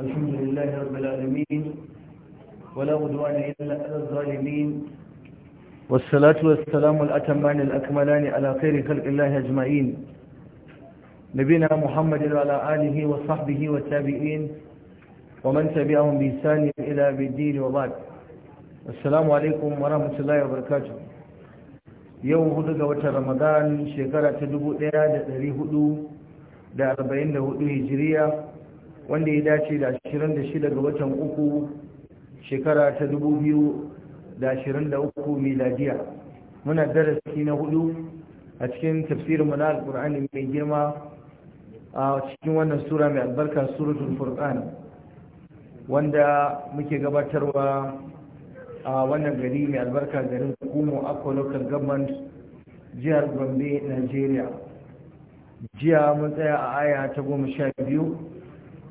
الحمد لله رب العالمين ولا عدوان إلا على الظالمين والصلاة والسلام الأتمان الأكملان على خير خلق الله أجمعين نبينا محمد وعلى آله وصحبه والتابعين ومن تبعهم بإحسان إلى بالدين وبعد السلام عليكم ورحمة الله وبركاته يوم هدى رمضان شكرة تدبو إيادة لهدو da 44 hijiriya wanda ya dace da 26 ga watan uku shekara ta 2023 miladiya muna darasi na hudu a cikin tafsirin mana na alkur'ani mai girma a cikin wannan sura mai albarka suratul furqan wanda muke gabatarwa a wannan gari mai albarka garin kumo akwa local government jihar gombe nigeria jiya mun tsaya a aya ta goma sha biyu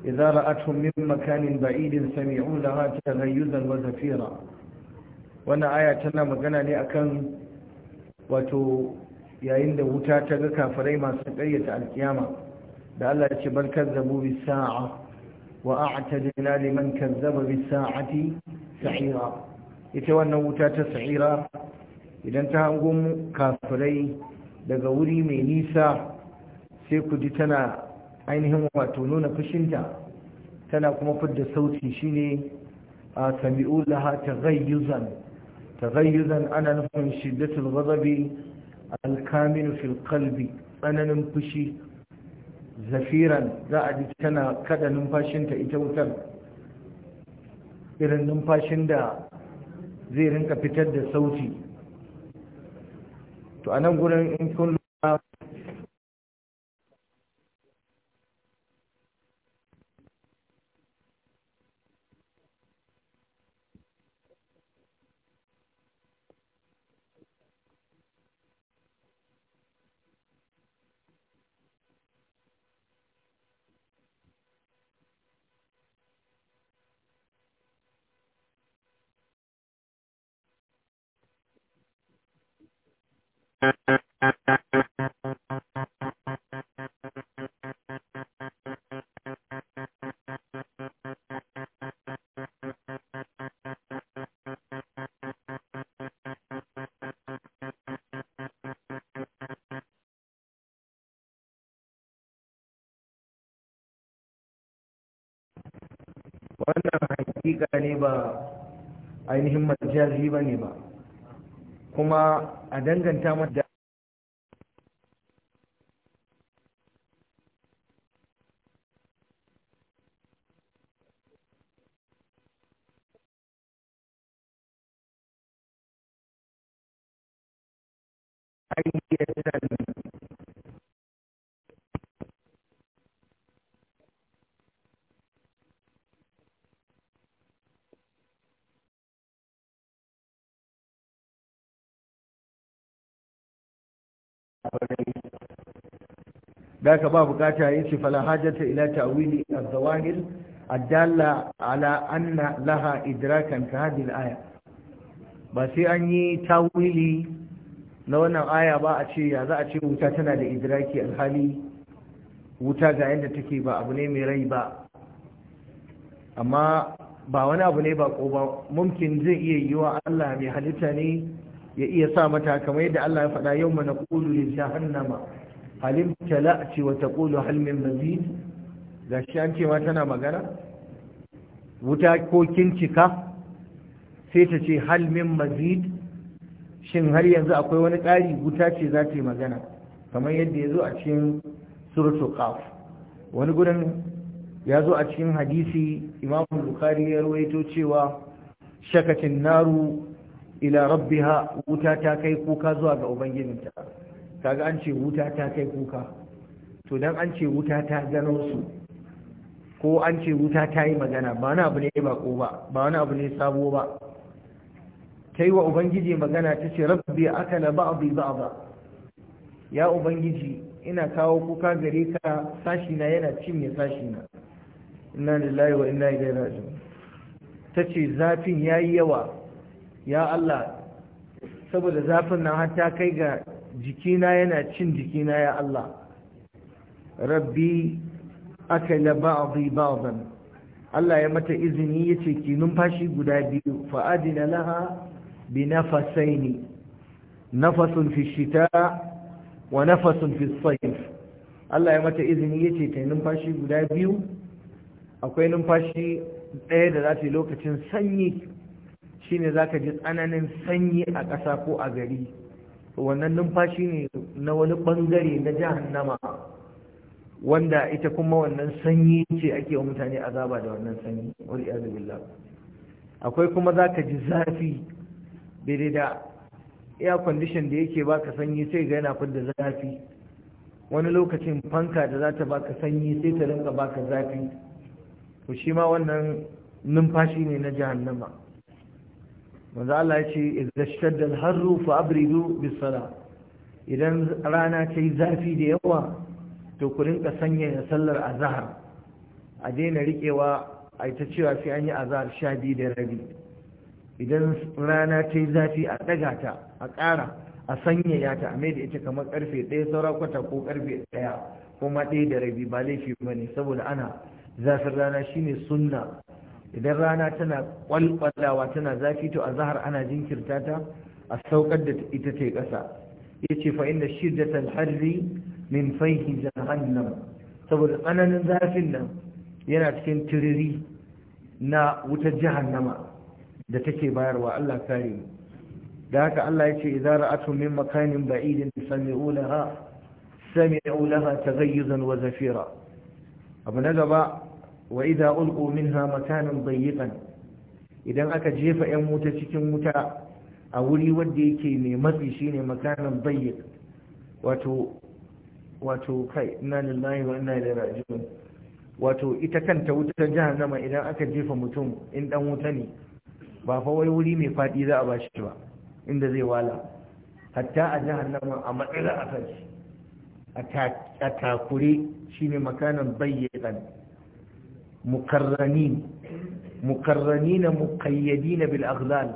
إذا رأتهم من مكان بعيد سمعوا لها تغيزا وزفيرا وانا آية تنا مغانا لأكن واتو yayin da wuta ta ga kafirai masu ƙayyata alkiyama da Allah ya ce bal kazzabu bis sa'a wa a'tadna liman kazzaba bis sa'ati sa'ira ita wannan wuta ta sa'ira idan ta hango kafirai daga wuri mai nisa sai ku ji tana ainihin wato nuna fushinta tana kuma fidda sauti shine a sami'u laha taghayyuzan taghayyuzan ana nufin shiddatul ghadabi al-kamilu fil qalbi tsananin fushi zafiran za a ji tana kada numfashinta ita wutar irin numfashin da zai rinka fitar da sauti to a nan gurin in kun wannan hakika ne ba ainihin majazi ba ne ba kuma a danganta mata da da ka ba bukata ya ce fala hajjata ila ta'wili az-zawahir adalla ala anna laha idrakan ka hadhihi al-aya ba sai an yi tawili na wannan aya ba a ce ya za a ce wuta tana da idraki alhali wuta ga yadda take ba abu ne mai rai ba amma ba wani abu ne ba ko ba mumkin zai iya yi wa Allah mai halitta ne ya iya sa mata kamar yadda Allah ya faɗa yau mana ƙulu da jahannama halim tala'ci wa taqulu hal min mazid shi an ce ma tana magana wuta ko kin cika sai ta ce hal min mazid shin har yanzu akwai wani ƙari wuta ce za ta yi magana kamar yadda ya zo a cikin suratul qaf wani gurin ya zo a cikin hadisi imam Bukari ya rawaito cewa shakatin naru ila rabbiha wuta ta kai kuka zuwa ga ubangijinta kaga an ce wuta ta kai kuka to dan an ce wuta ta gano su ko an ce wuta ta yi magana ba wani abu ne ba ko ba ba wani abu ne sabo ba ta yi wa ubangiji magana ta ce rabbi aka na ba'abi ba. ya ubangiji ina kawo kuka gare ka sashina yana cinye sashina inna lillahi wa inna ilaihi raji'un ta ce zafin ya yi yawa ya Allah saboda zafin nan har ta kai ga jikina yana cin jikina ya Allah rabbi akala ba'dhi ba'dan Allah ya mata izini yace ki numfashi guda biyu fa adina laha bi nafasaini nafasun fi shita wa nafasun fi sayf Allah ya mata izini yace ta numfashi guda biyu akwai numfashi ɗaya da za ta yi lokacin sanyi shine zaka ji tsananin sanyi a ƙasa ko a gari wannan numfashi ne na wani bangare na jahannama wanda ita kuma wannan sanyi ce ake wa mutane azaba da wannan sanyi wani billah akwai kuma za ka ji zafi daidai da air condition da yake baka sanyi sai ga yana fidda zafi wani lokacin fanka da za ta baka sanyi sai ta rinka baka zafi to shi ma wannan numfashi ne na jahannama wanda Allah ya ce Idan shadda harru fa abridu bis idan rana ta yi zafi da yawa to ku rinka sanya sallar azhar a daina riƙewa a ta cewa sai an yi azhar biyu da rabi idan rana ta yi zafi a daga ta a ƙara a sanya ya ta a da ita kamar karfe ɗaya saura kwata ko karfe ɗaya kuma ɗaya da rabi ba laifi ne saboda ana zafin rana shine sunna idan rana tana kwalkwalawa tana zafi to a zahar ana jinkirta ta a saukar da ita ce ƙasa ya ce fa'in da shiddatar harri min faihi jahannam saboda tsananin zafin nan yana cikin tiriri na wutar jahannama da take bayarwa Allah kare da haka Allah ya ce idza ra'atu min makanin ba'idin sami'u ta sami'u laha taghayyuzan wa zafira abu na gaba wa idza ulqu minha makanan dayyiqan idan aka jefa yan wuta cikin wuta a wuri wanda yake mai matsi shine makanan dayyiq wato wato kai inna lillahi wa inna ilaihi raji'un wato ita kanta wutar jahannama idan aka jefa mutum in dan wuta ne ba fa wai wuri mai fadi za a bashi ba inda zai wala hatta a jahannama a matsala a kanshi a takure shine makanan bayyanan mukarranin mukarranina mukayyadi bil aghlal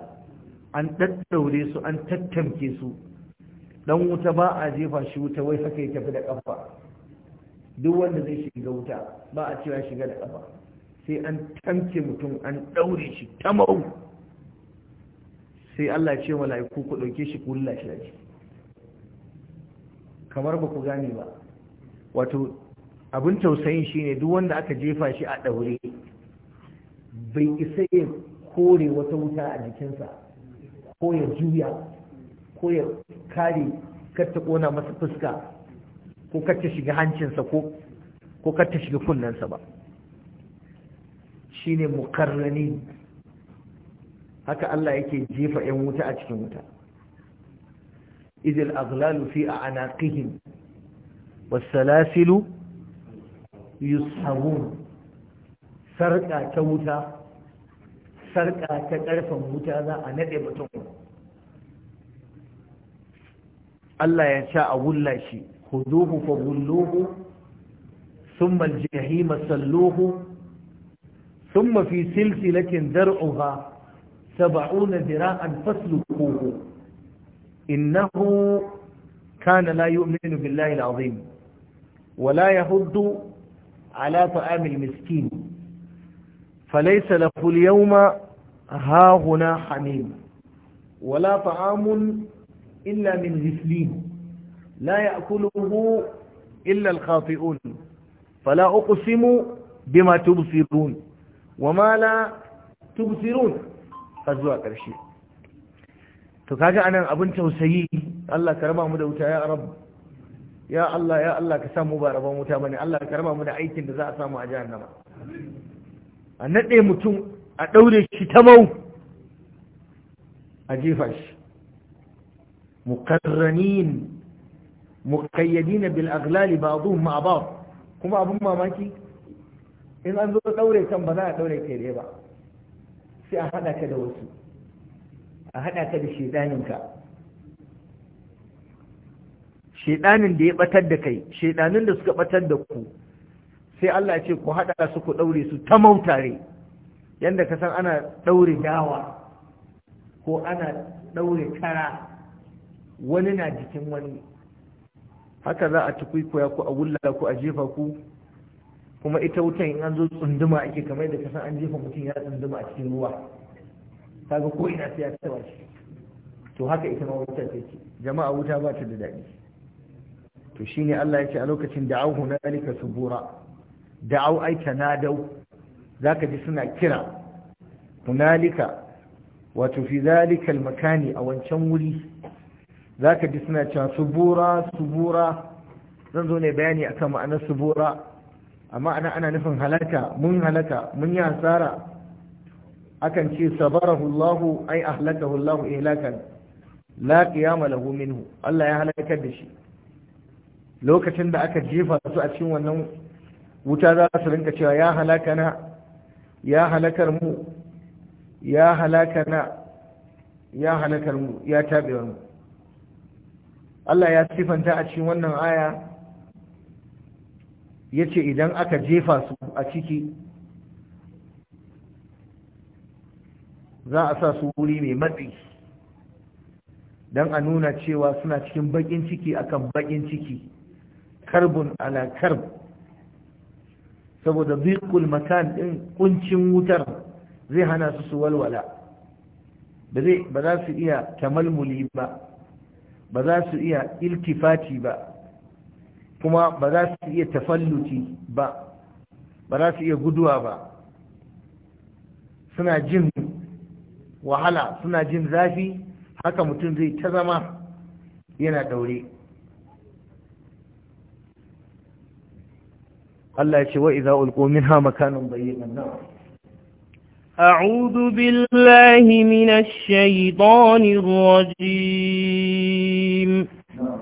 an daddaure su an tattamke su dan wuta ba a jefa shi wuta wai haka ya tafi da kafa duk wanda zai shiga wuta ba a cewa shiga da kafa sai an tamke mutum an daure shi tamau sai Allah ya ce mala'iku ku dauke shi ku shi kamar ba ku gane ba wato abin tausayin shine duk wanda aka jefa shi a ɗaure bai isa ya kore wata wuta a jikinsa ko ya juya ko ya kare ta kona masa fuska ko ta shiga hancinsa ko ta shiga kunnensa ba shine mukarrani haka Allah yake jefa 'yan wuta a cikin wuta idil aghlalu fi a wasu salasilu yushabun sarƙa ta wuta sarƙa ta ƙarfen wuta za a naɗe mutum Allah ya sha a wulla shi huduhu fa gulluhu ثم الجحيم صلوه ثم في سلسلة ذرعها سبعون ذراعا فاسلكوه إنه كان لا يؤمن بالله العظيم ولا يهد على طعام المسكين فليس له اليوم ها هنا حميم ولا طعام إلا من غسلين لا يأكله إلا الخاطئون فلا أقسم بما تبصرون وما لا تبصرون فزوى ƙarshe to أنا anan abin الله كرمه karama يا رب ya Allah ya Allah ka samu ba rabon wuta bane Allah ka raba mu da aikin da za a samu a jahannama a nade mutum a daure shi ta mau a jefa shi muqarranin muqayyadin bil aghlal ba'dhum ma'a ba'd kuma abun mamaki in an zo daure kan ba za a daure kai ba sai a hada ka da wasu a hada ka da shedaninka shedanin da ya batar da kai shedanin da suka batar da ku sai Allah ya ce ku hada su ku ɗaure su ta mautare yadda ka san ana daure dawa ko ana daure kara wani na jikin wani haka za a tukui ku a wulla ku a jefa ku kuma ita wutan in an zo tsunduma ake kamar yadda ka san an jefa mutum ya tsunduma a cikin ruwa kaga ko ina sai ya to haka ita ma wuta take jama'a wuta ba ta da daɗi to shi ne Allah ya ce a lokacin da da'auhu na alika subura da'au ai Za ka ji suna kira hunalika wato fi zalika makani a wancan wuri Za ka ji suna cewa subura subura zan zo ne bayani akan ma'anar subura amma ana ana nufin halaka mun halaka mun yi hasara akan ce sabarahu Allahu ai ahlakahu Allahu ihlakan la qiyama lahu minhu Allah ya halakar da shi lokacin da aka jefa su a cikin wannan wuta za su rinka cewa ya halaka na ya halakar mu ya halaka na ya halakar mu ya tabewar mu Allah ya sifanta a cikin wannan aya ya ce idan aka jefa su a ciki za a sa su wuri mai matsi don a nuna cewa suna cikin bakin ciki akan bakin ciki karbun ala karb saboda biqul makan din kuncin wutar zai hana su su walwala ba zai ba za su iya tamalmuli ba ba za su iya iltifati ba kuma ba za su iya tafalluti ba ba za su iya guduwa ba suna jin wahala suna jin zafi haka mutum zai ta zama yana daure Allah ya إذا ألقوا منها مكان ضيق النار نعم. أعوذ بالله من الشيطان الرجيم نعم.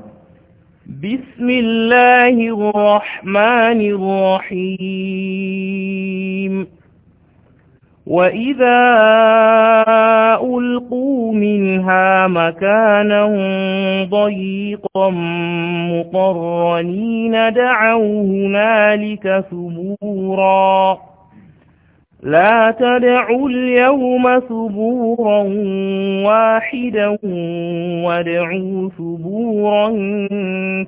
بسم الله الرحمن الرحيم وَإِذَا أُلْقُوا مِنْهَا مَكَانًا ضَيِّقًا مُقَرَّنِينَ دَعَوْا هُنَالِكَ ثُبُورًا لا تدعوا اليوم ثبورا واحدا وادعوا ثبورا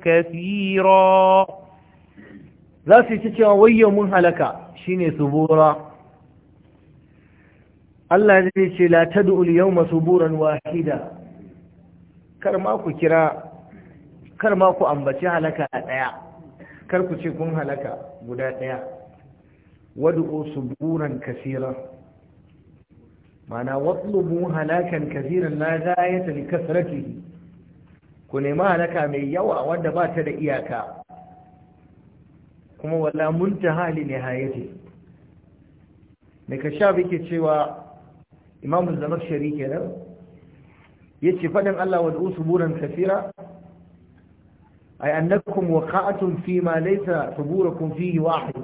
كثيرا لا تتشاوي ويوم هلكا شيني ثبورا Allah zai ce la tad'u al-yawma suburan wahida kar ma ku kira kar ma ku ambaci halaka daya kar ku ce kun halaka guda daya wad'u suburan kaseera mana watlubu halakan kaseeran la ghayata li kasratihi ku nemi halaka mai yawa wanda ba ta da iyaka kuma wala muntaha li nihayati ne ka sha bike cewa imamu zamakshari kenan yace faɗin Allah wa usuburan kafira ay annakum waqa'atum fi ma laysa suburukum fihi wahid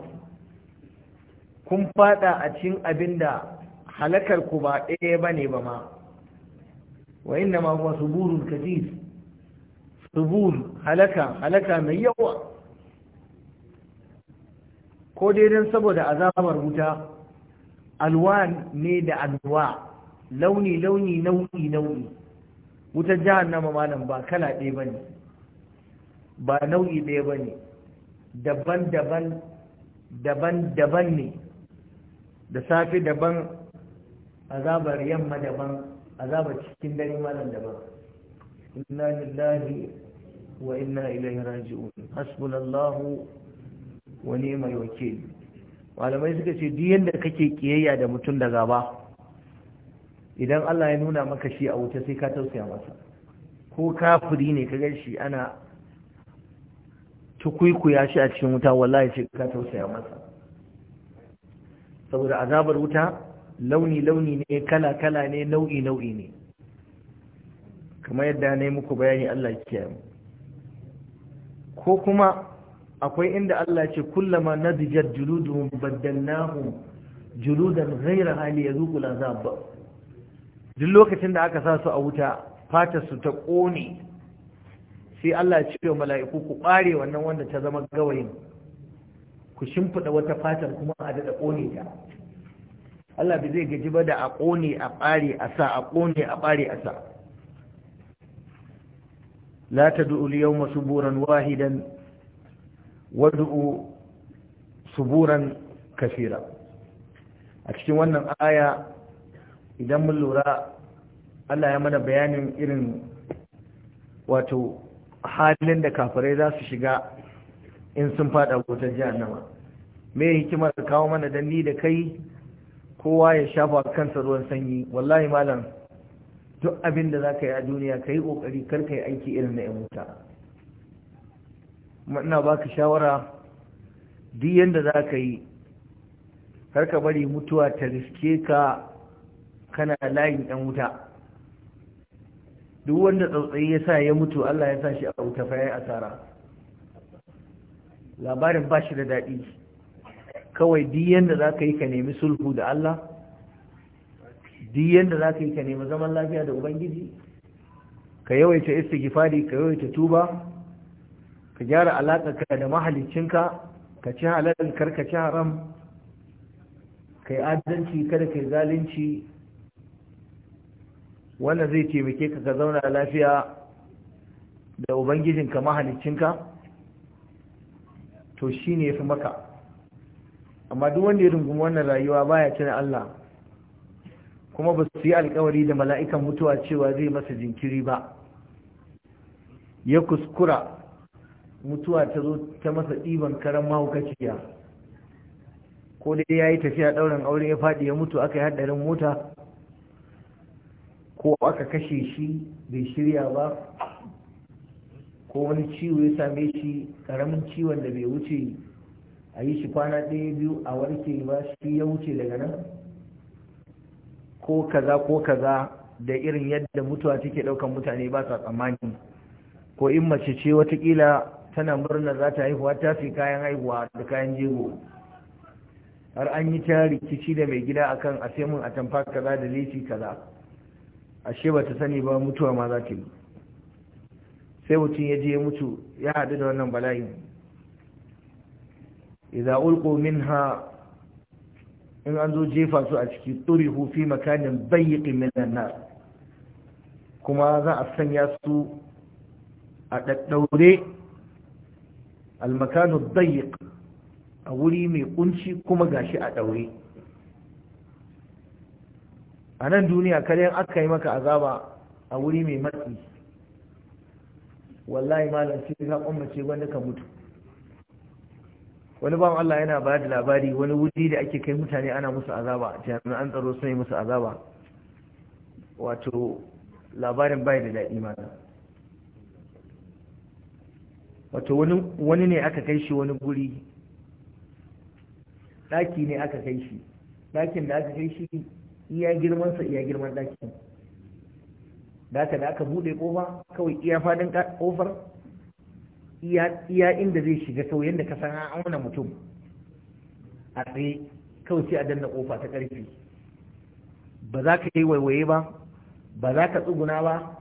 kun fada a cikin abinda halakar ku ba ɗaya bane ba ma wa inna ma huwa suburun subur halaka halaka mai yawa ko dai saboda azabar wuta alwan ne da anwa launi launi nau'i nau'i wutar jahannama malam ba kala ɗaya ba ne ba nau'i ɗaya ba ne daban-daban daban-daban ne da safe daban azabar yamma daban azabar cikin dare malam daban inna lillahi wa inna ilaihi raji'un hasbunallahu wa ni'mal wakil malamai suka ce duk yadda kake kiyayya da mutum da gaba idan Allah ya nuna maka shi a wuta sai ka tausaya masa ko kafiri ne ka ganshi? ana tukuikuya shi a cikin wuta wallahi sai ka tausaya masa saboda azabar wuta launi launi ne kala kala ne nau'i nau'i ne kamar yadda na muku bayani Allah ya kiyaye mu ko kuma akwai inda Allah ce kullama nadijat juluduhum baddalnahum juludan zaira hali yazuqu al'azab duk lokacin da aka sa su a wuta fata su ta kone sai Allah ya ce wa mala'iku ku bare wannan wanda ta zama gawayin ku shimfida wata fatar kuma a dada kone ta Allah bai zai gaji ba da a ƙone a bare a sa a kone a bare a sa la tad'u al-yawma suburan wahidan wadu'u suburan kafira a cikin wannan aya idan mun lura Allah ya mana bayanin irin wato halin da kafirai za su shiga in sun fada wutar jihannama me hikimar kawo mana danni da kai kowa ya shafa kansa ruwan sanyi wallahi malam duk abin da za ka yi a duniya ka yi ƙoƙari kar ka yi aiki irin na 'yan wuta Muna ba baka shawara duk yadda za ka yi karka bari mutuwa ta riske ka kana layin 'yan wuta duk wanda tsautsayi ya sa ya mutu Allah ya sa shi a wuta fa ya asara labarin ba shi da daɗi kawai duk yadda za ka yi ka nemi sulhu da Allah duk yadda za ka yi ka nemi zaman lafiya da Ubangiji ka yawaita istighfari ka yawaita tuba ka gyara ka da mahalicinka ka ci halal ka ci haram ka yi adalci kada ka yi zalunci wannan zai taimake ka ka zauna lafiya da ubangijinka mahalicinka to shi ne fi maka amma duk wanda ya rungumi wannan rayuwa baya tuna Allah kuma ba su yi alkawari da mala'ikan mutuwa cewa zai masa jinkiri ba ya kuskura mutuwa ta zo ta masa ɗiban karan mahaukaciya ko dai ya yi tafiya ɗaurin aure ya faɗi ya mutu aka yi haɗarin mota ko aka kashe shi bai shirya ba ko wani ciwo ya same shi ƙaramin ciwon da bai wuce a yi shi kwana ɗaya biyu a warke ba shi ya wuce daga nan ko kaza ko kaza da irin yadda mutuwa take ɗaukan mutane ba sa tsammani ko in mace ce watakila tana murna za ta haihuwa ta fi kayan haihuwa da kayan jego har an yi ta rikici da mai gida akan a sai mun a tamfa kaza da leci kaza ashe ba ta sani ba mutuwa ma za ta yi sai mutum ya je ya mutu ya haɗu da wannan bala'in ulko min ha? in an zo jefa su a ciki turihu hufi makanin bayyaki min an na. kuma za a sanya su a ɗaɗɗaure almakanu dayiq a wuri mai kunci kuma gashi a daure a nan duniya karen aka yi maka azaba a wuri mai matsi wallahi malam sai ka kwamace wanda ka mutu wani bawan Allah yana bayar da labari wani wuri da ake kai mutane ana musu azaba jami'an tsaro sun yi musu azaba wato labarin bai da daɗi malam wato wani ne aka kai shi wani guri ɗaki ne aka kai shi ɗakin da aka kai shi iya girmansa iya girman ɗakin da ka da aka bude kofa kawai iya fadin kofar? iya inda zai shiga kawai da ka san an auna mutum a tsaye kawai sai a danna kofa ta karfi ba za ka yi waiwaye ba ba za ka tsuguna ba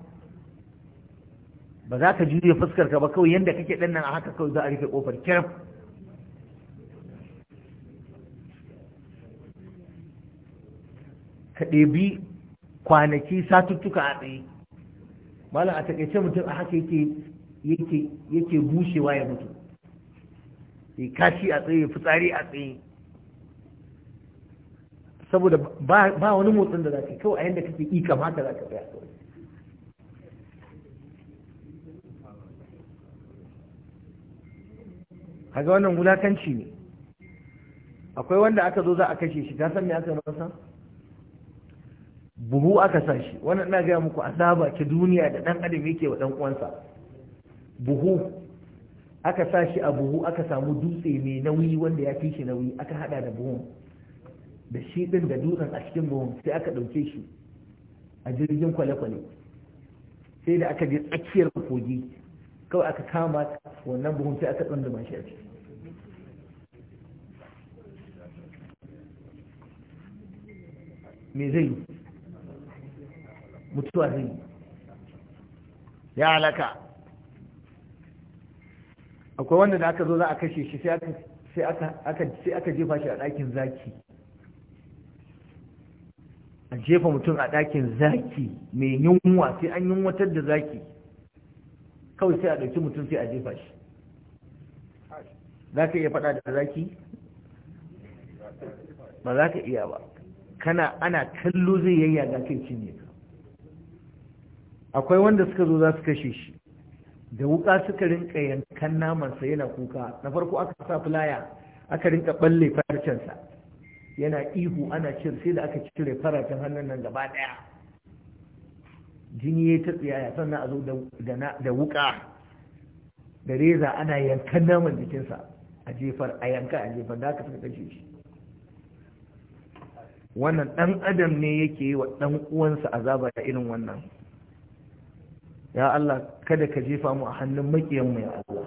ba za ka juye fuskar ka ba kawai yadda kake ɗan nan a haka kawai za a rufe ƙofar kyaf. ka ɗebi kwanaki satuttuka a tsaye malam a taƙaice mutum a haka yake yake yake bushewa ya mutu ya kashi a tsaye fitsari a tsaye saboda ba wani motsin da za ka kawai a yadda kake ikama mata za ka tsaya kawai kaga wannan wulakanci ne akwai wanda aka zo za a kashe shi ka san me aka yi buhu aka sa shi wannan ina gaya muku azaba ta duniya da dan adam yake wa dan uwansa buhu aka sa shi a buhu aka samu dutse mai nauyi wanda ya fi shi nauyi aka hada da buhun da shi din da dutsen a cikin buhun sai aka dauke shi a jirgin kwale-kwale sai da aka je tsakiyar kogi kawai aka kama wannan buhun sai aka tsunduma shi a ciki me zai yi mutuwa zai yi ya alaka akwai wanda da aka zo za a kashe shi sai aka jefa shi a ɗakin zaki a jefa mutum a ɗakin zaki mai yunwa sai an yunwatar da zaki kawai sai a ɗauki mutum sai a jefa shi za ka iya faɗa da zaki ba za ka iya ba kana ana kallo zai yayyaga kai cinye ka akwai wanda suka zo za su kashe shi da wuka suka rinka yankan namansa yana kuka na farko aka sa fulaya aka rinka balle farcensa yana ihu ana cire sai da aka cire faracen hannun nan gaba daya jini ya ta tsiyaya sannan a zo da wuka da reza ana yankan naman jikinsa a jefar a yanka a jefar da aka suka kashe shi wannan ɗan adam ne yake yi wa ɗan uwansa azaba irin wannan ya Allah kada ka jefa mu a hannun makiyanmu ya Allah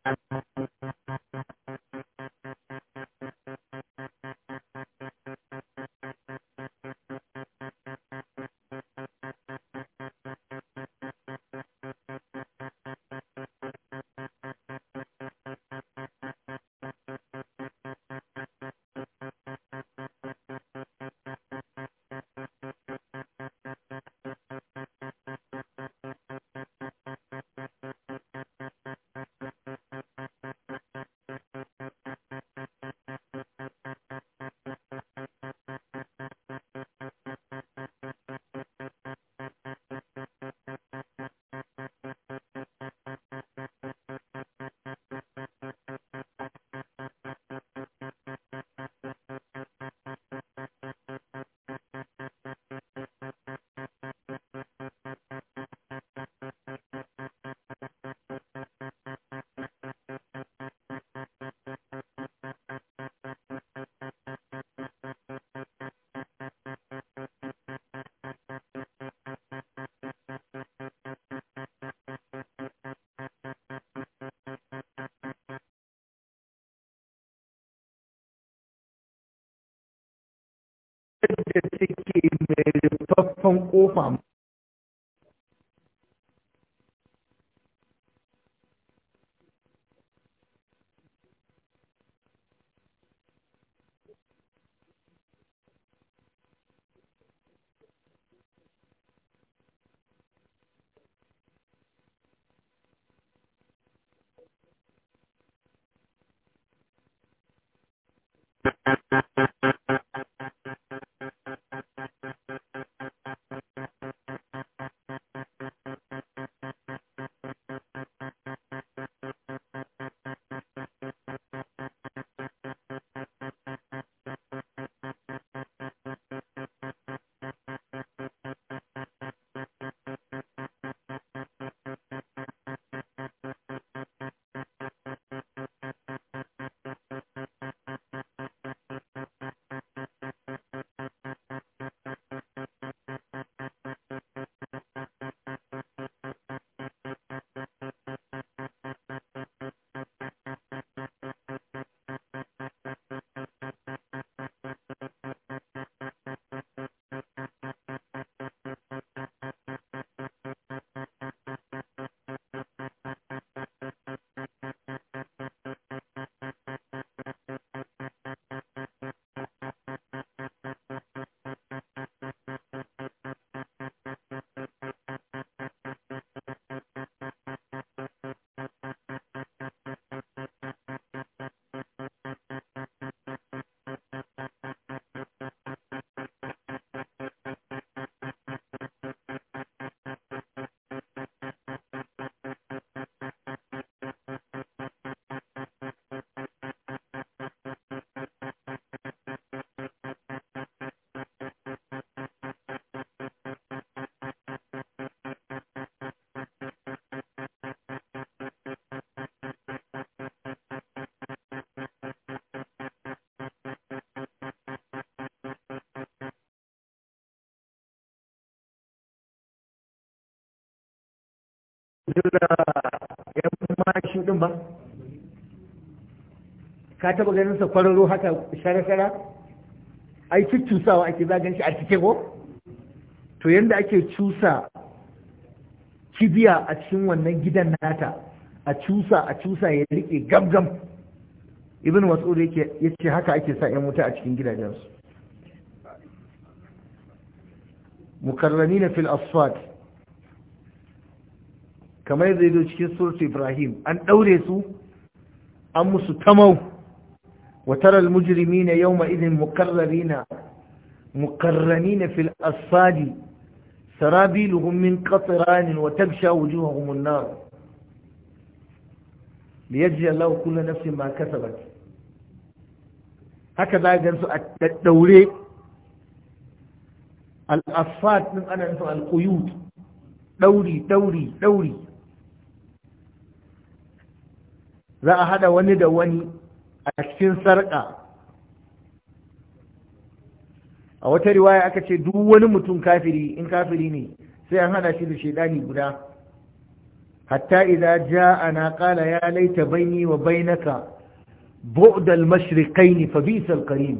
mai rufaffen kofa zula yan mashi din ba ka taba ganin sa kwararo haka shara-shara ai cusawa ake zagan shi a cikin ko to yadda ake cusa kibiya a cikin wannan gidan nata a cusa a cusa ya rike gamgam ibn mas'ud yake ce haka ake sa yan wuta a cikin gidajensu na fil asfati kamar yadda ya zo cikin surtu ibrahim an ɗaure su an musu tamau wa taral mujrimina yawma idhin mukarrarina mukarranina fil asfali sarabiluhum min qatran wa tabsha wujuhahum an-nar liyajzi Allahu kulla nafsin ma kasabat haka za ga su a daddaure al-asfat din ana nufin al-quyut dauri dauri dauri za a hada wani da wani a cikin sarƙa a wata riwaya aka ce duk wani mutum kafiri in kafiri ne sai an hada shi da shaidani guda hatta idza na qala ya laita baini wa bainaka bu'd al-mashriqayn fa bisa al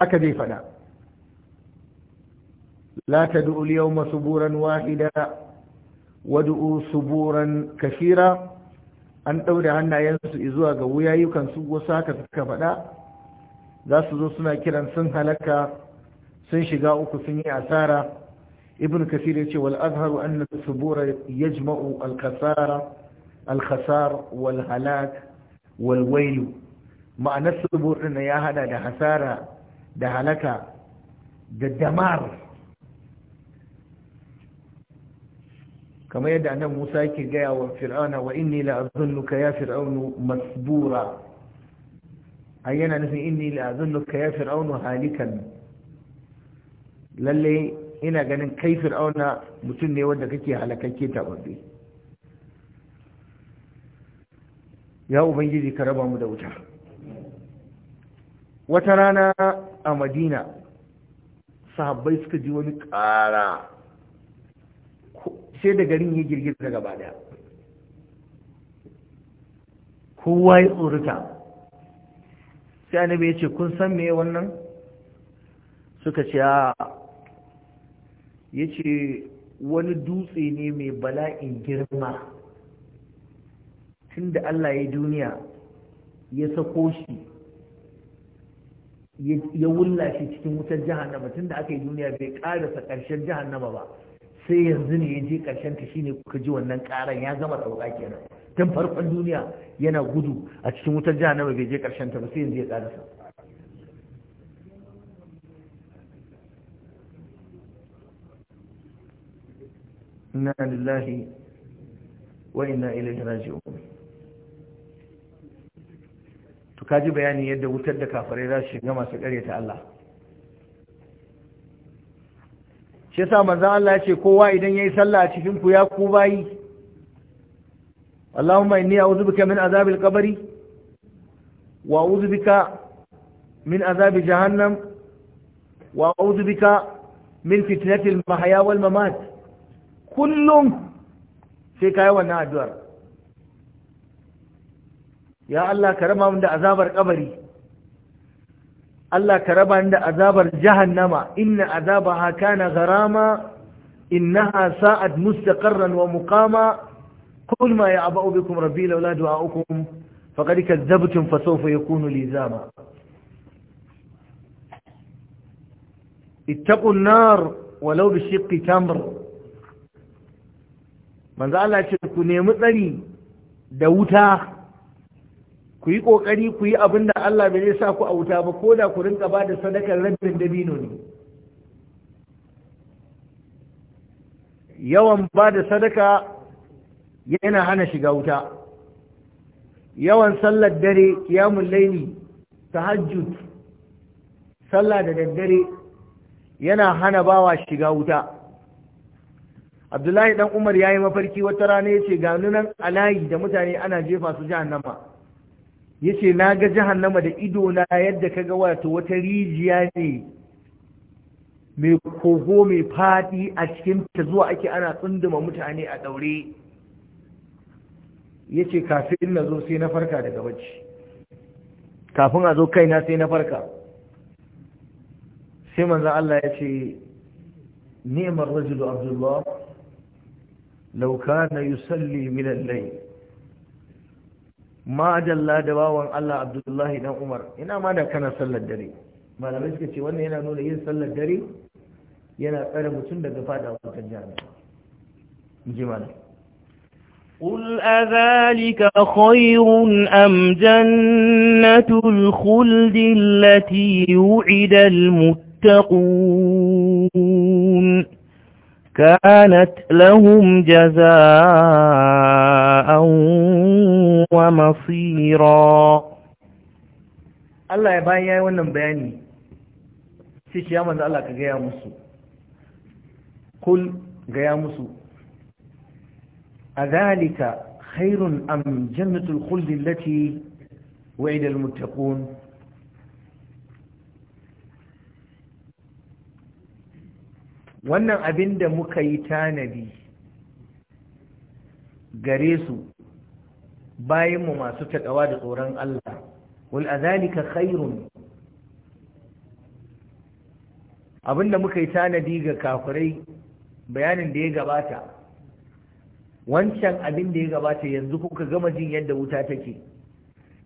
haka zai fada la tad'u al-yawma suburan wahida wad'u suburan kafira an daure hannayensu zuwa ga wuyayyukan wasu haka suka faɗa za su zo suna kiran sun halaka sun shiga uku sun yi asara ibn kasir ya ce wal azharu na subura yajma'u al khasara al wal halak wal wailu ma'anar subur ya hada da hasara da halaka da damar kamar yadda annabi Musa yake gaya wa Fir'auna wa inni la ya fir'aunu masbura ai yana nufin inni la ya fir'aunu halikan lalle ina ganin kai fir'auna mutum ne wanda kake ta tababbe ya ubangiji ka raba mu da wuta wata rana a madina sahabbai suka ji wani ƙara sai da garin ya girgiza gaba daya kowa ya tsorita sai annabi ya ce kun san me wannan suka ce a ya ce wani dutse ne mai bala'in girma tun da Allah ya duniya ya sako shi ya wulla shi cikin wutar jahannama tun da aka yi duniya bai ƙarasa ƙarshen nama ba sai yanzu ne ya je ƙarshen ta shine kuka ji wannan ƙaran ya zama sauka kenan tun farkon duniya yana gudu a cikin wutar jahannama bai je ƙarshen ta ba sai yanzu ya ƙarasa inna lillahi wa inna ilaihi raji'un to kaji bayani yadda wutar da kafirai za su shiga masu ƙaryata Allah shi yasa manzo Allah ce kowa idan yayi sallah a cikin ku ya ku bayi Allahumma inni a'udhu bika min azabil qabri wa a'udhu bika min azabi jahannam wa a'udhu bika min fitnatil mahya wal mamat kullum sai kai wannan addu'ar ya Allah ka raba min da azabar kabari Allah ka raba ni da azabar jahannama inna haka kana gharama innaha sa'at mustaqarran wa muqama kul ma ya'ba'u bikum rabbi laula du'a'ukum faqad kadzabtum fasawfa yakunu lizama ittaqu an-nar walau bi shiqqi tamr manzo Allah ce ku nemi tsari da wuta ku yi ƙoƙari ku yi abin da Allah bai zai sa ku a wuta ba ko da ku rinka ba da sadakar rabin dabino ne yawan ba da sadaka yana hana shiga wuta yawan sallar dare kiyamun laini tahajjud sallah da daddare yana hana bawa shiga wuta abdullahi ɗan umar ya yi mafarki wata rana ya ce ga nan alayi da mutane ana jefa su nama. yace na ga jahannama da ido na yadda kaga wato wata rijiya ne mai kogo mai fadi a cikin ta zuwa ake ana tsunduma mutane a daure yace kafin na zo sai na farka daga bacci kafin a zo kaina sai na farka sai manzo Allah ya ce ni'mar rajulu abdullah law kana yusalli min al-layl ma dalla da bawan Allah Abdullahi dan Umar ina ma da kana sallar dare malamai suka ce wannan yana nuna yin sallar dare yana tsare mutum daga fada wutar jami'a inji malam قل أذلك خير أم جنة الخلد التي وعد المتقون كانت لهم جزاء ومصيرا الله يبايا ونن بياني سيشي يامن الله كغيا مسو قل غيا مسو أذلك خير أم جنة الخلد التي وعد المتقون wannan abin da muka yi tanadi gare su bayanmu masu taɗawa da tsoron Allah wal azalika khairun da muka yi tanadi ga kafirai bayanin da ya gabata wancan abin da ya gabata yanzu kuka gama jin yadda wuta take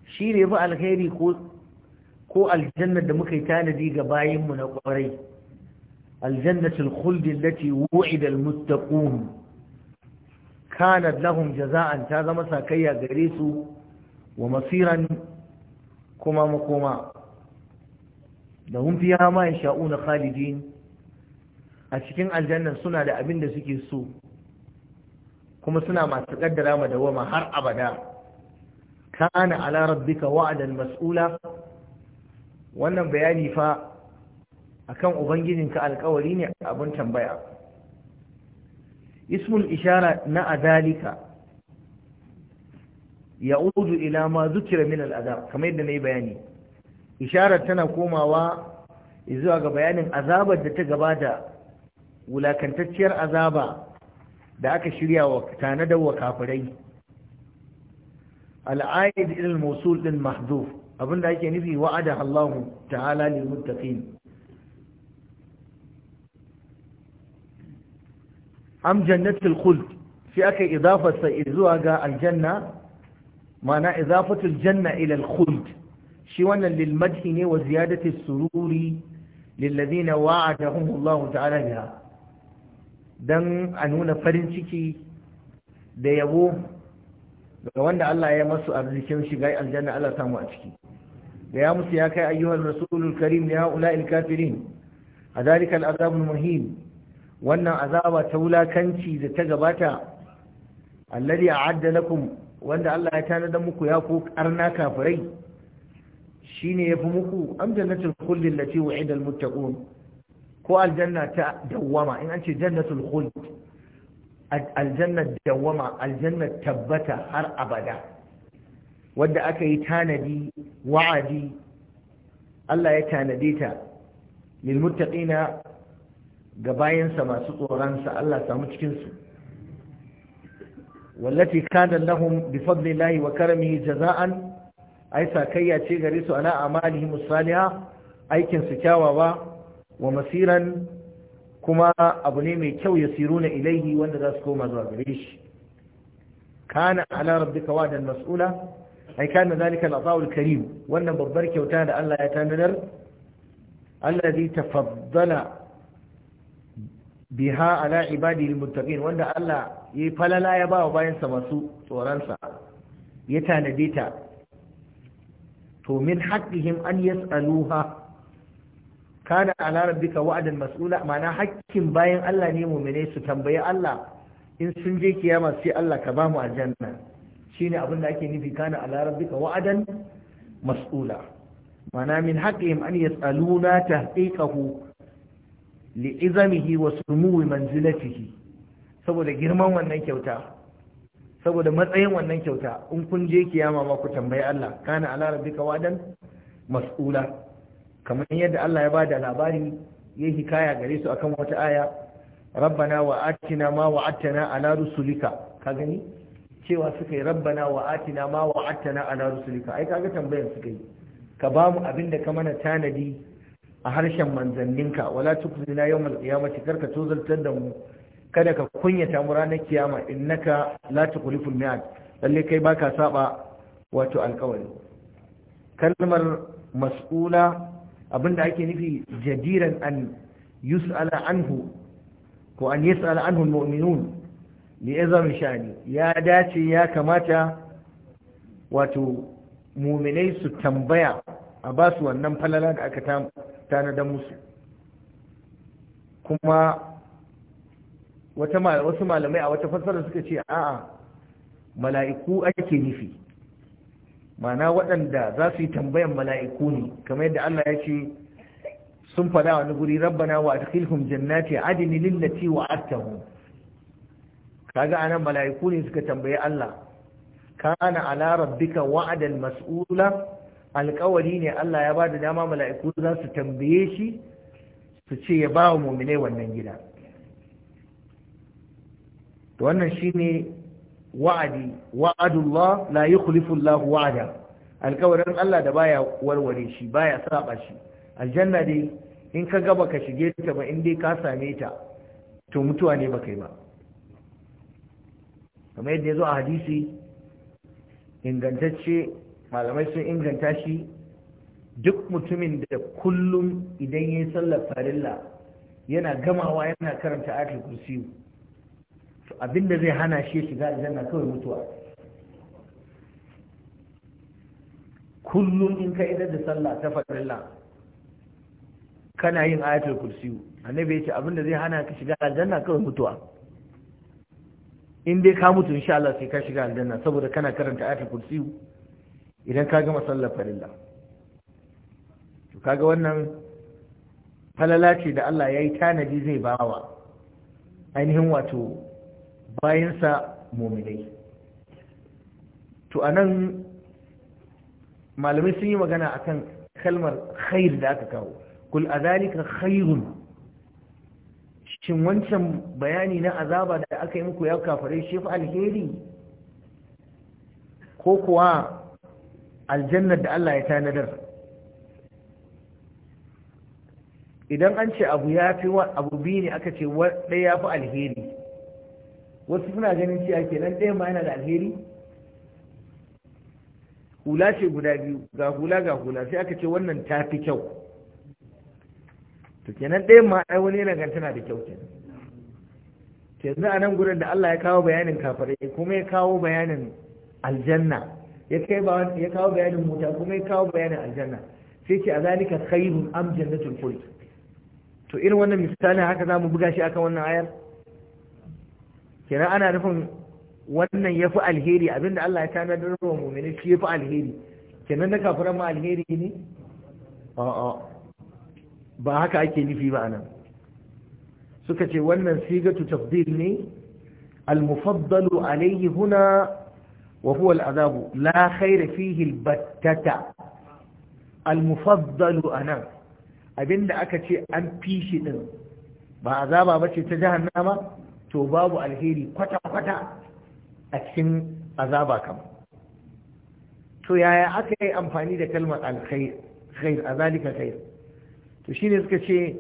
shi ne fi alkhairi ko aljannar da muka yi tanadi ga bayanmu na kwarai الجنة الخلد التي وعد المتقون كانت لهم جزاء هذا مسا كيا غريس ومصيرا كما مقوما لهم فيها ما يشاءون خالدين أشكين الجنة سنة لأبن دسكي السوء kuma suna masu kaddara ma dawama har abada kana ala rabbika wa'dan mas'ula wannan bayani fa akan ka alkawari ne abin tambaya ismul ishara na adalika udu ila ma zukira min al'azab kamar yadda nayi bayani isharar tana komawa zuwa ga bayanin azabar da ta gabata wulakantacciyar azaba da aka shirya wa da wa kafirai al'aid ilal mawsul din mahzuf abinda ake nufi wa'ada allahu ta'ala lil muttaqin am jannatul khuld sai aka idafarsa zuwa ga aljanna ma'ana idafatul janna ila al-khuld shi wannan lil madhi ne wa ziyadati sururi lil ladina wa'adahum Allah ta'ala biha dan a nuna farin ciki da yabo ga wanda Allah ya masu arzikin shiga aljanna Allah samu a ciki da ya musu ya kai ayyuhar rasulul karim ya ula'il kafirin a zalikal azabul muhim wannan azaba ta wulakanci da ta gabata alladhi a'adda lakum wanda Allah ya tanada muku ya ku karna kafirai shine yafi muku am jannatul khuldi allati wa'ida almuttaqun ko aljanna ta dawwama in an ce jannatul khuld aljanna dawwama aljanna tabbata har abada wadda aka yi tanadi wa'adi Allah ya tanade ta lil muttaqina ga bayansa masu tsoronsa Allah samu cikinsu wallati kana lahum bi fadlillahi wa karamihi jaza'an ai sakayya ce gare su ala amalihim salihah aikin su kyawawa wa masiran kuma abu ne mai kyau ya na ilaihi wanda za su koma zuwa gare shi kana ala rabbika wadan mas'ula ai kana zalika al karim wannan babbar kyauta da Allah ya tanadar allazi tafaddala biha ala ibadihi almuttaqin wanda Allah yayi falala ya ba wa bayansa masu tsoronsa ya tanade ta to min haqqihim an yas'aluha kana ala rabbika wa'dan mas'ula ma'ana haƙƙin bayan Allah ne mu'mine su tambayi Allah in sun je kiyama sai Allah ka ba mu aljanna shine abin da ake nufi kana ala rabbika wa'dan mas'ula ma'ana min haqqihim an yas'aluna tahqiqahu li'izamihi wa sumuwi manzilatihi saboda girman wannan kyauta saboda matsayin wannan kyauta in kun je kiyama ma ku tambayi Allah kana ala rabbika wadan mas'ula kamar yadda Allah ya bada labari yayi hikaya gare su akan wata aya rabbana wa atina ma atana ala rusulika ka gani cewa suka yi rabbana wa atina ma atana ala rusulika ai kaga tambayar suka yi ka ba mu abin ka mana tanadi a harshen manzanninka wala tukzina yawmal qiyamati karka tozaltar da mu kada ka kunyata mu ranar kiyama innaka la tukhliful mi'ad lalle kai baka saba wato alƙawari kalmar mas'ula abinda ake nufi jadiran an yus'ala anhu ko an anhu almu'minun li shani ya dace ya kamata wato mu'minai su tambaya a basu wannan falala da aka Tanadan musu kuma wasu malamai a wata fassara suka ce a'a mala'iku ake nufi mana waɗanda za su yi tambayan mala'iku ne kamar yadda Allah ya ce sun faɗa wani guri rabbana wa adkhilhum jannati adni lillati wa'adtahum kaga anan mala'iku ne suka tambayi Allah kana ala rabbika wa'adan mas'ula alkawari ne Allah ya ba da dama mala'iku za su tambaye shi su ce ya ba wa muminai wannan gida to wannan shine wa'adi wa'adullah la yukhlifu Allah wa'ada alkawarin Allah da baya warware shi baya saba shi aljanna dai in ka gaba ka shige ta ba in dai ka same ta to mutuwa ne ba kai ba kamar yadda ya zo a hadisi ingantacce malamai sun inganta shi duk mutumin da kullum idan ya yi sallar farilla yana gamawa yana karanta ayatul kursi to abinda zai hana shi shiga aljanna kawai mutuwa kullum in ka idar da sallah ta farilla kana yin ayatul kursi annabi ya ce abinda zai hana ka shiga aljanna kawai mutuwa in dai ka mutu insha Allah sai ka shiga aljanna saboda kana karanta ayatul kursi idan ka gama sallar farilla to kaga wannan falala ce da Allah ya yi tanadi zai bawa ainihin wato bayansa mominai to a nan malamai sun yi magana akan kalmar khair da aka kawo kul azalika khairun shin wancan bayani na azaba da aka yi muku ya kafare shi fa alheri ko kuwa aljannar da Allah ya tanadar idan an ce abu ya fi abu biyu ne aka ce ɗaya ya fi alheri wasu suna ganin cewa kenan ɗaya ma yana da alheri hula ce guda biyu ga hula ga hula sai aka ce wannan ta fi kyau to kenan ɗaya ma ai wani yana gantana da kyau kenan yanzu a nan gurin da Allah ya kawo bayanin kafirai kuma ya kawo bayanin aljanna ya kawo bayanin mota kuma ya kawo bayanin aljanna sai ce a zalika khairun am jannatul khuld to irin wannan misalin haka zamu buga shi akan wannan ayar kenan ana nufin wannan yafi alheri abinda Allah ya tanadar wa mu'mini shi yafi alheri kenan na kafiran ma alheri ne a'a ba haka ake nufi ba anan suka ce wannan sigatu tafdil ne al-mufaddalu alayhi huna وهو العذاب لا خير فيه البتة المفضل أنا abin da aka ce an fi shi ɗin ba azaba ba ce ta jahannama to babu alheri kwata-kwata a cikin azaba kam to yaya aka yi amfani da kalmar alkhair a zalika khair to shine suka ce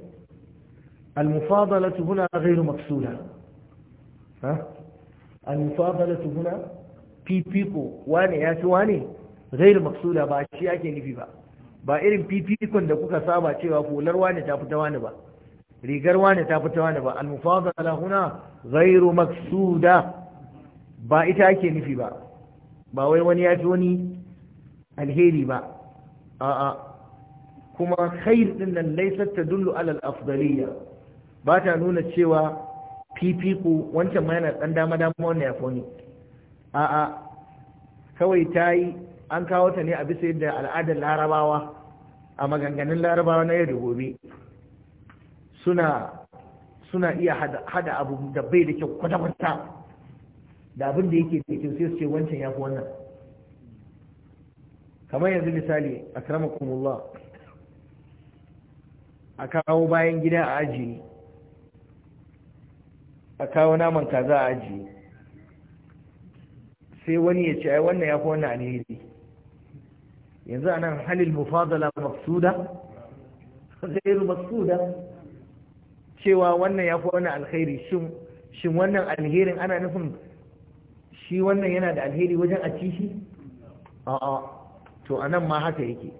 المفاضلة هنا غير مقصودة المفاضلة هنا fifiko wane ya fi wane zairu maksuda ba shi ake nufi ba ba irin fifikon da kuka saba cewa hular wane ta fita wane ba rigar wane ta fita wane ba al-mufadala huna zairu maksuda ba ita ake nufi ba ba wai wani ya fi wani alheri ba a'a kuma khair din nan laysat tadullu ala al-afdaliyya ba ta nuna cewa fifiko wancan ma yana dan dama dama ya fi wani a'a kawai ta yi an kawo ta ne a bisa yadda al'adar larabawa a maganganun larabawa na yau gobe suna iya hada abu da bai da kyau kwata-kwata da abin da yake da sai su wancan ya fi wannan kamar yanzu misali a akramakumullah a kawo bayan gida a ajiye a kawo naman kaza a ajiye sai wani ya ce ai wannan ya fi wannan alheri yanzu anan halil mufadala maqsuda ghairu maqsuda cewa wannan ya fi wannan alheri shin shin wannan alherin ana nufin shi wannan yana da alheri wajen a ci shi a'a to anan ma haka yake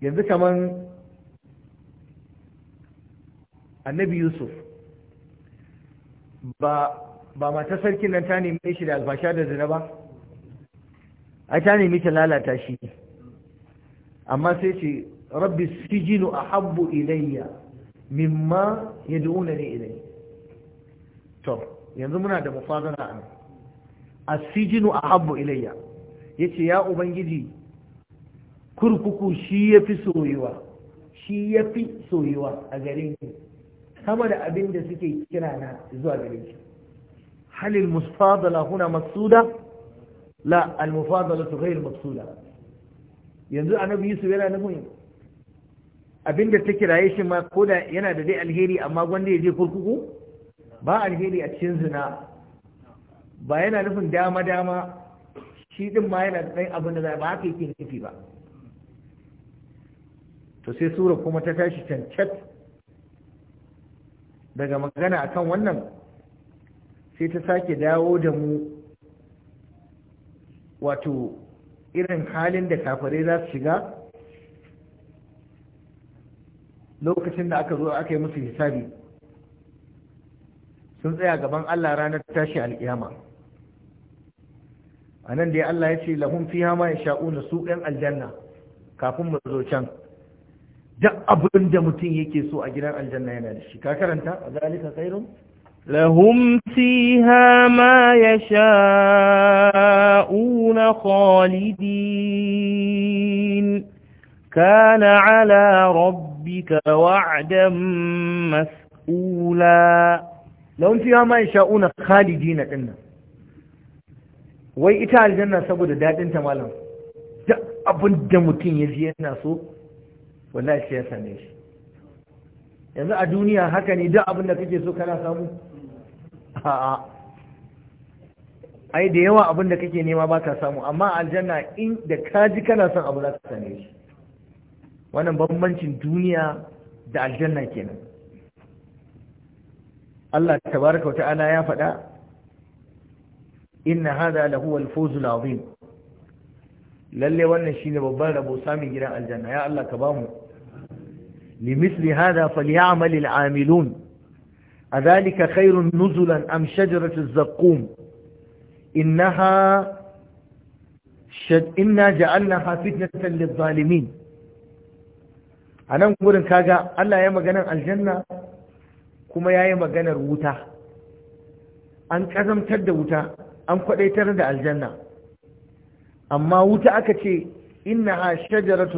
yanzu kaman annabi yusuf ba ba matar sarkin nan ta nemi shi da alfasha da zina ba ai ta nemi ta lalata shi amma sai ce rabbi sijinu habbu ilayya mimma duna ne ilayhi to yanzu muna da a a sijinu a habbu ilayya ce ya ubangiji kurkuku shi fi soyuwa shi fi soyuwa a gare ni sama da abin da suke kira na zuwa gare shi هل المفاضلة هنا مقصودة لا المفاضلة غير مقصودة yanzu annabi Yusuf yana nufin abinda ta kiraye shi ma yana da dai alheri amma wanda ya je kurkuku ba alheri a cikin zina ba yana nufin dama dama shi ɗin ma yana da ɗan abin da ba haka yake nufi ba to sai sura kuma ta tashi cancat daga magana akan wannan sai ta sake dawo da mu wato irin halin da kafare za su shiga lokacin da aka zo aka yi musu hisabi sun tsaya gaban Allah ranar tashi alƙiyama a nan ya Allah ya ce lahun fi hama ya sha'una su ɗan aljanna kafin mu zo can duk abin da mutum yake so a gidan aljanna yana da shi ka karanta a zalika kairun? لهم فيها ما يشاءون خالدين كان على ربك وعدا مسؤولا لهم فيها ما يشاءون خالدين إنا wai ita aljanna saboda daɗinta malam duk abin mutum ya ji yana so wallahi ya same shi yanzu a duniya haka ne duk abinda kake so kana samu a'a ai da yawa abin da kake nema ba ka samu amma aljanna in da ka ji kana son abu za ka same shi wannan bambancin duniya da aljanna kenan Allah tabaraka wata'ala ya faɗa inna hada lahu al-fawzul azim lalle wannan shine babban rabo samun gidan aljanna ya Allah ka bamu limithli hadha falyamal al-amilun أذلك خير نزلا أم شجرة الزقوم إنها شج... إنا جعلناها فتنة للظالمين أنا أقول كاجا الله يا مجانا الجنة كما يا مجانا الوتا أن كزم تد وتا أم قد يترد الجنة أما وتا أكتي إنها شجرة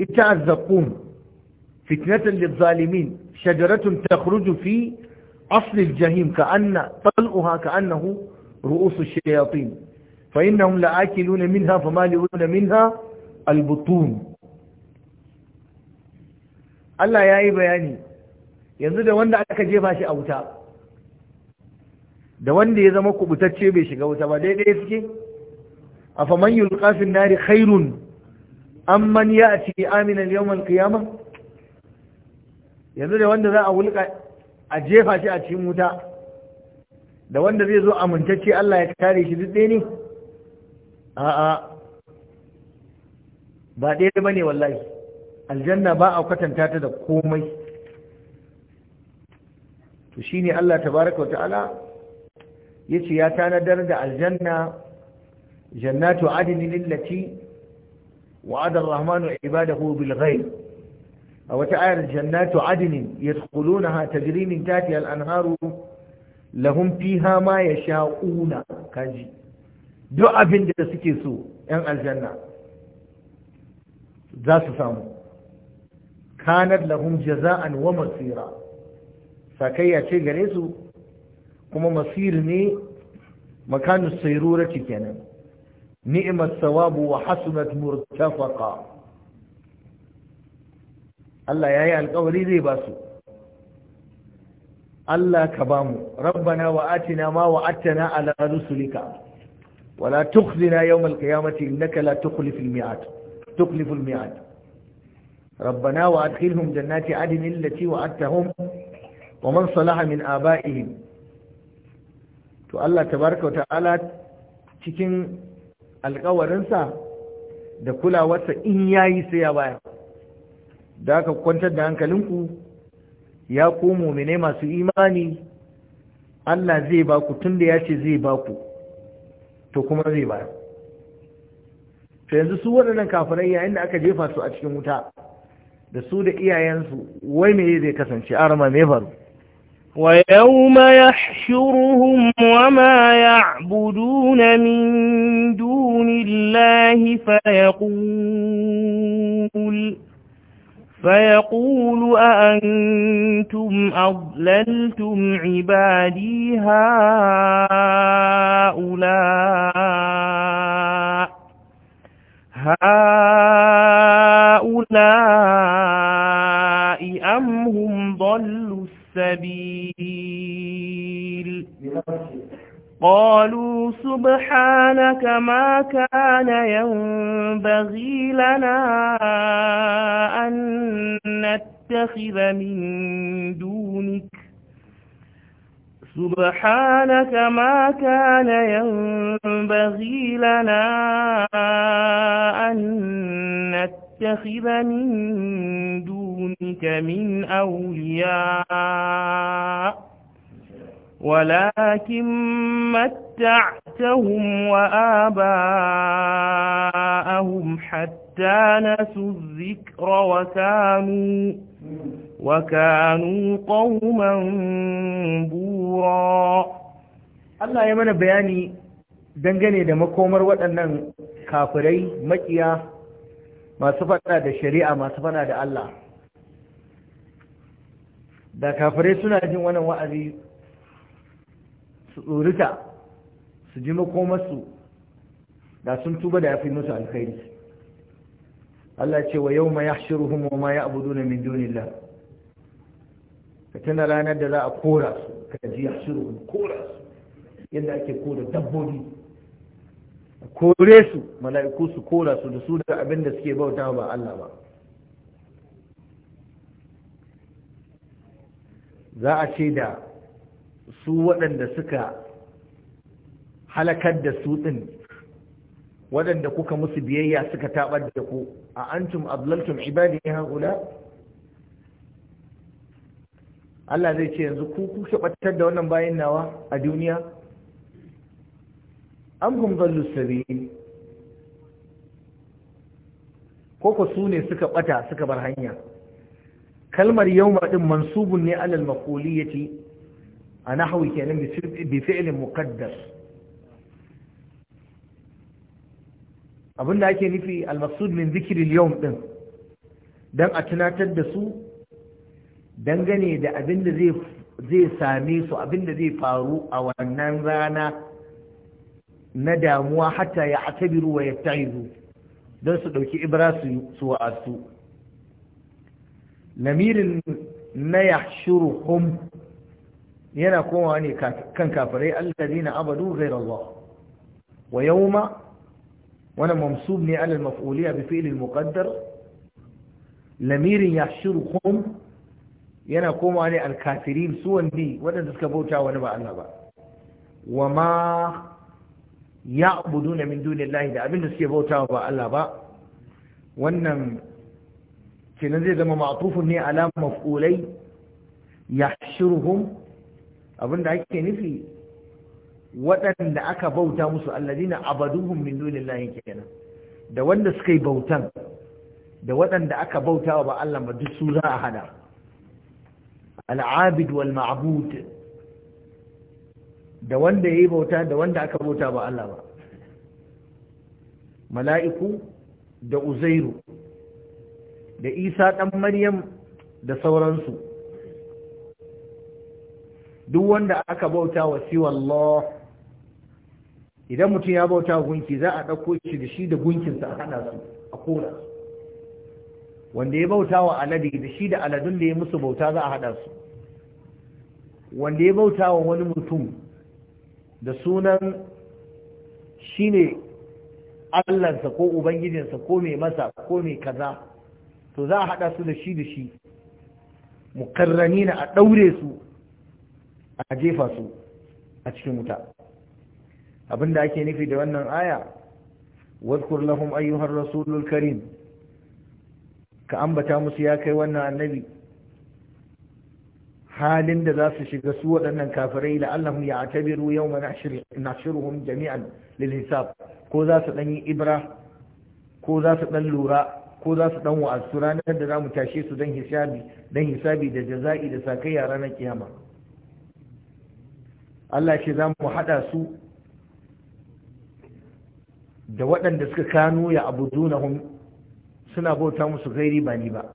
إتعزقون fitnatan lizzalimin shajaratun takhruju fi asli aljahim ka'anna tal'uha ka'annahu ru'usu shayatin fa innahum la'akiluna minha famali'una minha albutun Allah ya yi bayani yanzu da wanda aka jefa shi a wuta da wanda ya zama kubutacce bai shiga wuta ba daidai suke a faman yulqafin nari khairun amman ya'ti aminan yawmal qiyamah yanzu da wanda za a wulka a jefa shi a cikin wuta da wanda zai zo amintacce Allah ya kare shi duk ne a'a ba ɗaya ba ne wallahi aljanna ba a kwatanta ta da komai to shine Allah tabaraka wa yace ya tanadar da aljanna jannatu adnin lillati wa'ada ar-rahmanu ibadahu bil ghaib a wata ayar jannatu adnin na tajri min tahtiha al-anharu lahum fiha ma yasha'una kaji duk abin da suke so yan aljanna za su samu kanar lahum jaza'an wa masira sakayya ce gare su kuma masir ne makanu sayrura kenan ni'mat sawabu wa hasunat Allah ya yi alkawari zai ba su Allah ka ba mu rabbana wa atina ma wa attana ala rusulika wala tukhzina yawm alqiyamati innaka la tukhliful mi'ad tukhliful mi'ad rabbana wa adkhilhum jannati adn allati wa'adtahum wa man salaha min aba'ihim to Allah tabaraka wa ta'ala cikin alkawarinsa da kulawarsa in yayi sai ya bayar da aka kwantar da hankalinku ya komo mene masu imani Allah zai ba ku tunda ya ce zai ba ku to kuma zai ba to yanzu su waɗannan kafirai yayin da aka jefa su a cikin wuta da su da iyayensu wai me zai kasance arama me faru فيقول أأنتم أضللتم عبادي هؤلاء هؤلاء أم هم ضلوا السبيل قالوا سبحانك ما كان ينبغي لنا أن نتخذ من دونك سبحانك ما كان ينبغي لنا أن نتخذ من دونك من أولياء ولكن متعتهم وآباءهم حتى حتى نسوا الذكر وكانوا وكانوا قوما بورا الله يا mana bayani dangane da makomar waɗannan kafirai makiya masu faɗa da shari'a masu faɗa da Allah da kafirai suna jin wannan wa'azi su tsorita su ji makomarsu da sun tuba da ya fi musu alkhairi Allah ce wa yawma yahshuruhum wa ma ya'buduna min dunillah ka tana ranar da za a kora su ka ji yahshuruhum kora su yadda ake kora dabbobi kore su mala'iku su kora su da su da abin da suke bauta ba Allah ba za a ce da su waɗanda suka halakar da su ɗin waɗanda kuka musu biyayya suka tabar da ku a antum adlaltum ibadi haula Allah zai ce yanzu ku kuka da wannan bayan nawa a duniya an hum zallu sabil koko su ne suka bata suka bar hanya kalmar yawma din mansubun ne alal maquliyati a nahwi kenan bi fi'l muqaddas Abin da ake nufi al min zikri yawon ɗin, don a tunatar da su dangane da abin da zai same su abinda zai faru a wannan rana na damuwa hatta ya atabiru wa yatta'izu don su ɗauki ibra su wa'asu lamirin na yahshuruhum yana komawa ne kan kafirai allazina abadu ghayra Allah wa yawma وانا ممسوب لي على المفعولية بفعل المقدر لمير يحشركم yana komawa ne alkafirin su wandi waɗanda suka bauta wani ba ba wa ma ya abudu na min da abinda suke bauta ba Allah ba wannan kenan zai zama ma'atufun ne ala maf'ulai yahshuruhum abinda ake nufi waɗanda aka bauta musu allazina abaduhum min dunillahi kenan da wanda suka yi bautan da waɗanda aka bauta wa Allah ba duk su za a hada al'abid wal ma'bud da wanda ya yi bauta da wanda aka bauta ba Allah ba mala'iku da uzairu da isa ɗan maryam da sauransu duk wanda aka bauta wa Allah. idan mutum ya bauta gunki za a ɗauko shi da shi da gunkinsa a haɗa su a kora wanda ya bauta wa alade da shi da aladun da ya musu bauta za a haɗa su wanda ya bauta wa wani mutum da sunan shi ne allansa ko ubangijinsa ko mai masa ko mai kaza to za a haɗa su da shi da shi mukarrani na a ɗaure su a jefa su a cikin wuta Abin da ake nufi da wannan aya wadkur lahum ayyuhar rasulul karim ka ambata musu ya kai wannan annabi halin da za su shiga su waɗannan kafirai la'allahum ya'tabiru yawma nahshuruhum jami'an lilhisab ko za su ɗan yi ibra ko za su ɗan lura ko za su ɗan wa'azu ranar da za mu tashe su dan hisabi don hisabi da jaza'i da sakayya ranar kiyama Allah shi mu haɗa su da waɗanda suka kano ya abu dunahum suna bauta musu gairi ba ni ba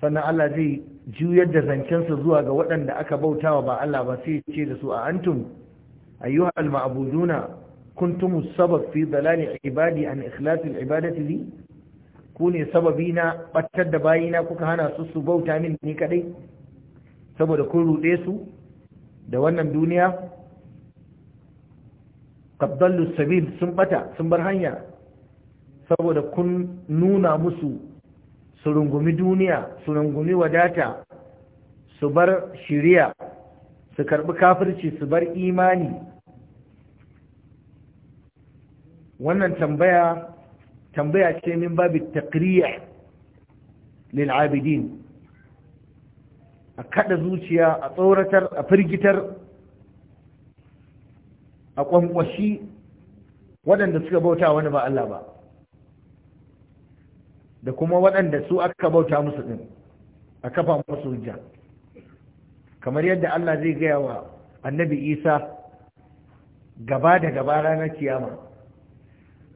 sannan Allah zai juyar da zancensa zuwa ga waɗanda aka bauta wa ba Allah ba sai ce da su a antum ayyuhal ma'buduna kuntum sabab fi dalali ibadi an ikhlas al ibadati li ku ne sababi na battar da bayina kuka hana su su bauta min ni kadai saboda kun rude su da wannan duniya qaddallu sabil sun bata sun bar hanya saboda kun nuna musu su rungumi duniya su rungumi wadata su bar shiriya su karbi kafirci su bar imani wannan tambaya tambaya ce min babu takriya lil abidin a kada zuciya a tsoratar a firgitar a kwankwashi waɗanda suka bauta wani ba Allah ba da kuma waɗanda su aka bauta musu ɗin a kafa musu hujja kamar yadda Allah zai gaya wa annabi Isa gaba da gaba ranar kiyama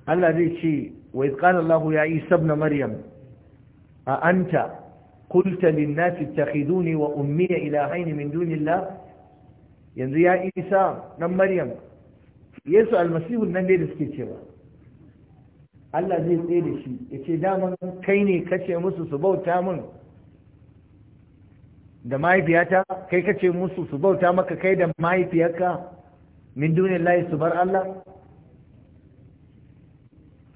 Allah zai ce wa izqala Allah ya yi sabna Maryam a anta qulta lin-nasi ittakhiduni wa ummi ilahaini min dunillah yanzu ya Isa dan Maryam yesu almasihun nan dai da suke cewa Allah zai tsaye da shi ya ce daman kai ne kace musu su bauta min da mahaifiyata kai kace musu su bauta maka kai da mahaifiyarka min dunin layi su bar Allah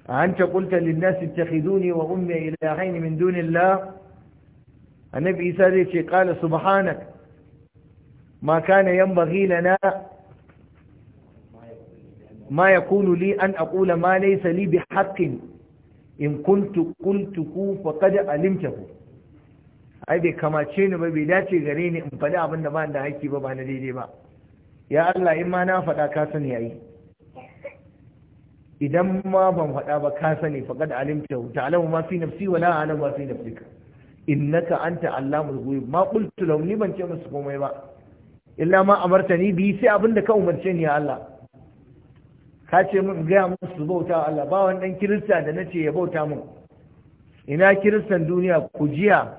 a hanta kulta linnasi ittakhiduni wa ummi ilahaini min la? annabi isa zai ce kala subhanak ma kana na lana ma yakunu li an aqula ma laysa li bihaqqin in kuntu qultuhu faqad alimtahu ai bai kamace ni ba bai dace gare ni in faɗi abin da ba da haƙƙi ba ba na daidai ba ya Allah in ma na faɗa ka sani yayi idan ma ban faɗa ba ka sani faqad alimtahu ta'lamu ma fi nafsi wa la a'lamu ma fi nafsika innaka anta allamul ghuyub ma qultu law ni ban ce musu komai ba illa ma amartani bi sai abin da ka umarce ni ya Allah ka ce min gaya musu su bauta Allah ba wani dan kirista da na ce ya bauta mun ina kiristan duniya ku jiya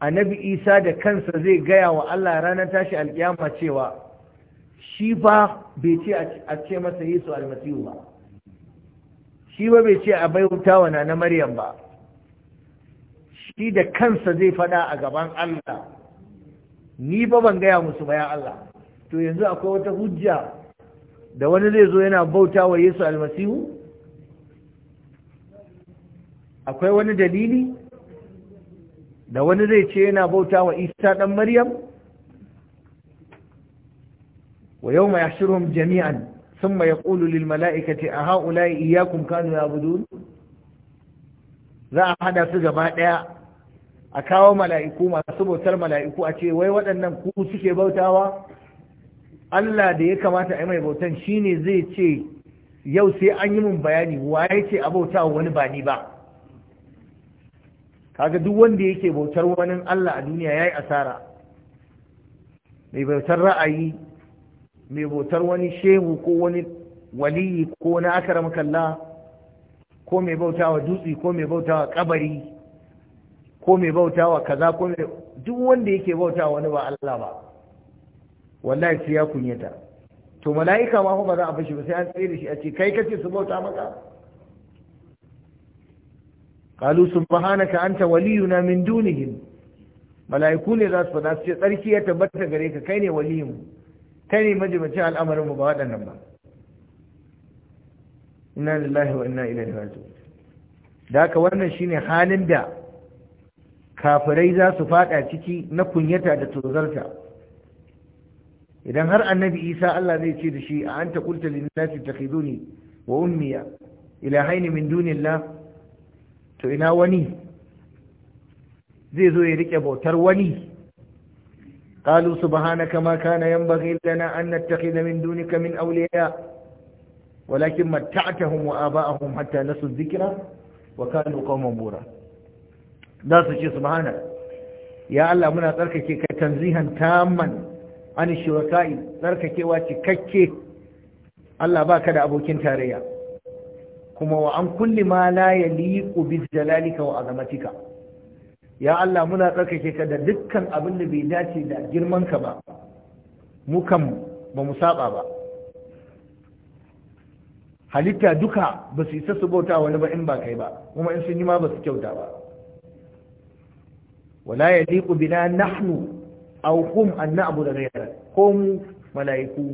annabi isa da kansa zai gaya wa Allah ranar tashi alkiyama cewa shi ba bai ce a ce masa yesu almasihu ba shi ba bai ce a bauta wa na maryam ba shi da kansa zai faɗa a gaban Allah ni ba ban gaya musu ya Allah to yanzu akwai wata hujja da wani zai zo yana bauta wa yesu almasihu akwai wani dalili da wani zai ce yana bauta wa isa ɗan maryam wa yau mai ashirin jami'an sun mai ƙulu lil mala'ikati a ha'ula iyakun kanu ya za a hada su gaba ɗaya a kawo mala'iku masu bautar mala'iku a ce wai waɗannan ku suke bautawa Allah da ya kamata a yi mai bautan shine zai ce yau sai an yi mun bayani waye ce a bauta wani ba ni ba kaga duk wanda yake bautar wani Allah a duniya ya yi asara mai bautar ra'ayi mai bautar wani shehu ko wani waliyi ko wani akaram kalla ko mai bautawa dutse ko mai bautawa kabari ko mai bautawa kaza ko duk wanda yake bauta wani ba Allah ba wallahi sai ya kunyata to mala'ika ma ba za a fashe ba sai an tsere da shi a ce kai kace su bauta maka qalu subhanaka anta waliyuna min dunihim mala'iku ne za su fada su ce tsarki ya tabbata gare ka kai ne waliyin kai ne majimacin al'amarin mu ba waɗannan ba inna lillahi wa inna ilaihi raji'un da haka wannan shine halin da kafirai za su faɗa ciki na kunyata da tozarta idan har annabi isa Allah zai ce da shi a anta qulta lin nasi takhiduni wa ummi ilahaini min dunillah to ina wani zai zo ya rike bautar wani قالوا سبحانك ما كان ينبغي لنا أن نتخذ من دونك من أولياء ولكن متعتهم وآباءهم حتى نسوا الذكرى وكانوا قوما بورا داس شيء سبحانك يا الله منا تركك تنزيها تاما an shuraka'i tsarkakewa cikakke Allah baka da abokin tarayya kuma wa an kulli ma la yaliqu bi jalalika wa azamatika ya Allah muna tsarkake ka da dukkan abin da bai dace da girman ka ba mu kan ba mu saba ba halitta duka ba su isa su bauta wani ba in ba kai ba kuma in sun yi ma ba su kyauta ba wala yaliqu bina nahnu aw annabu an na'budu ghayra ko mu mala'iku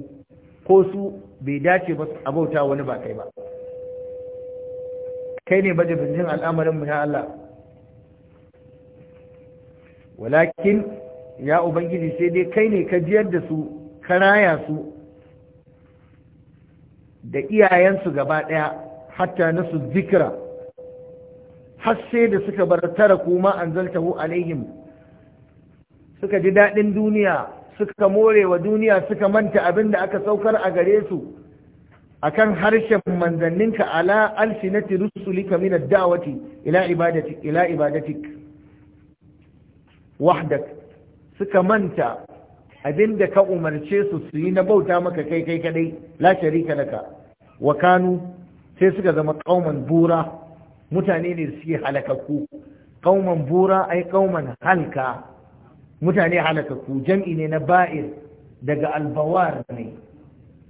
ko su bai dace ba a bauta wani ba kai ba kai ne baje bincin al'amarin mu ya Allah walakin ya ubangiji sai dai kai ne ka jiyar da su ka raya su da iyayensu gaba ɗaya hatta nasu zikira har sai da suka bar tara kuma an alaihim suka ji daɗin duniya suka more wa duniya suka manta abin da aka saukar a gare su akan harshen manzanninka ala alsinati rusulika min da'awati ila ibadatik ila ibadatik wahdak suka manta abin da ka umarce su su yi na bauta maka kai kai kadai la sharika laka wa kanu sai suka zama qauman bura mutane ne suke halakakku qauman bura ai qauman halka mutane halakakku jam'i ne na ba'ir daga albawar ne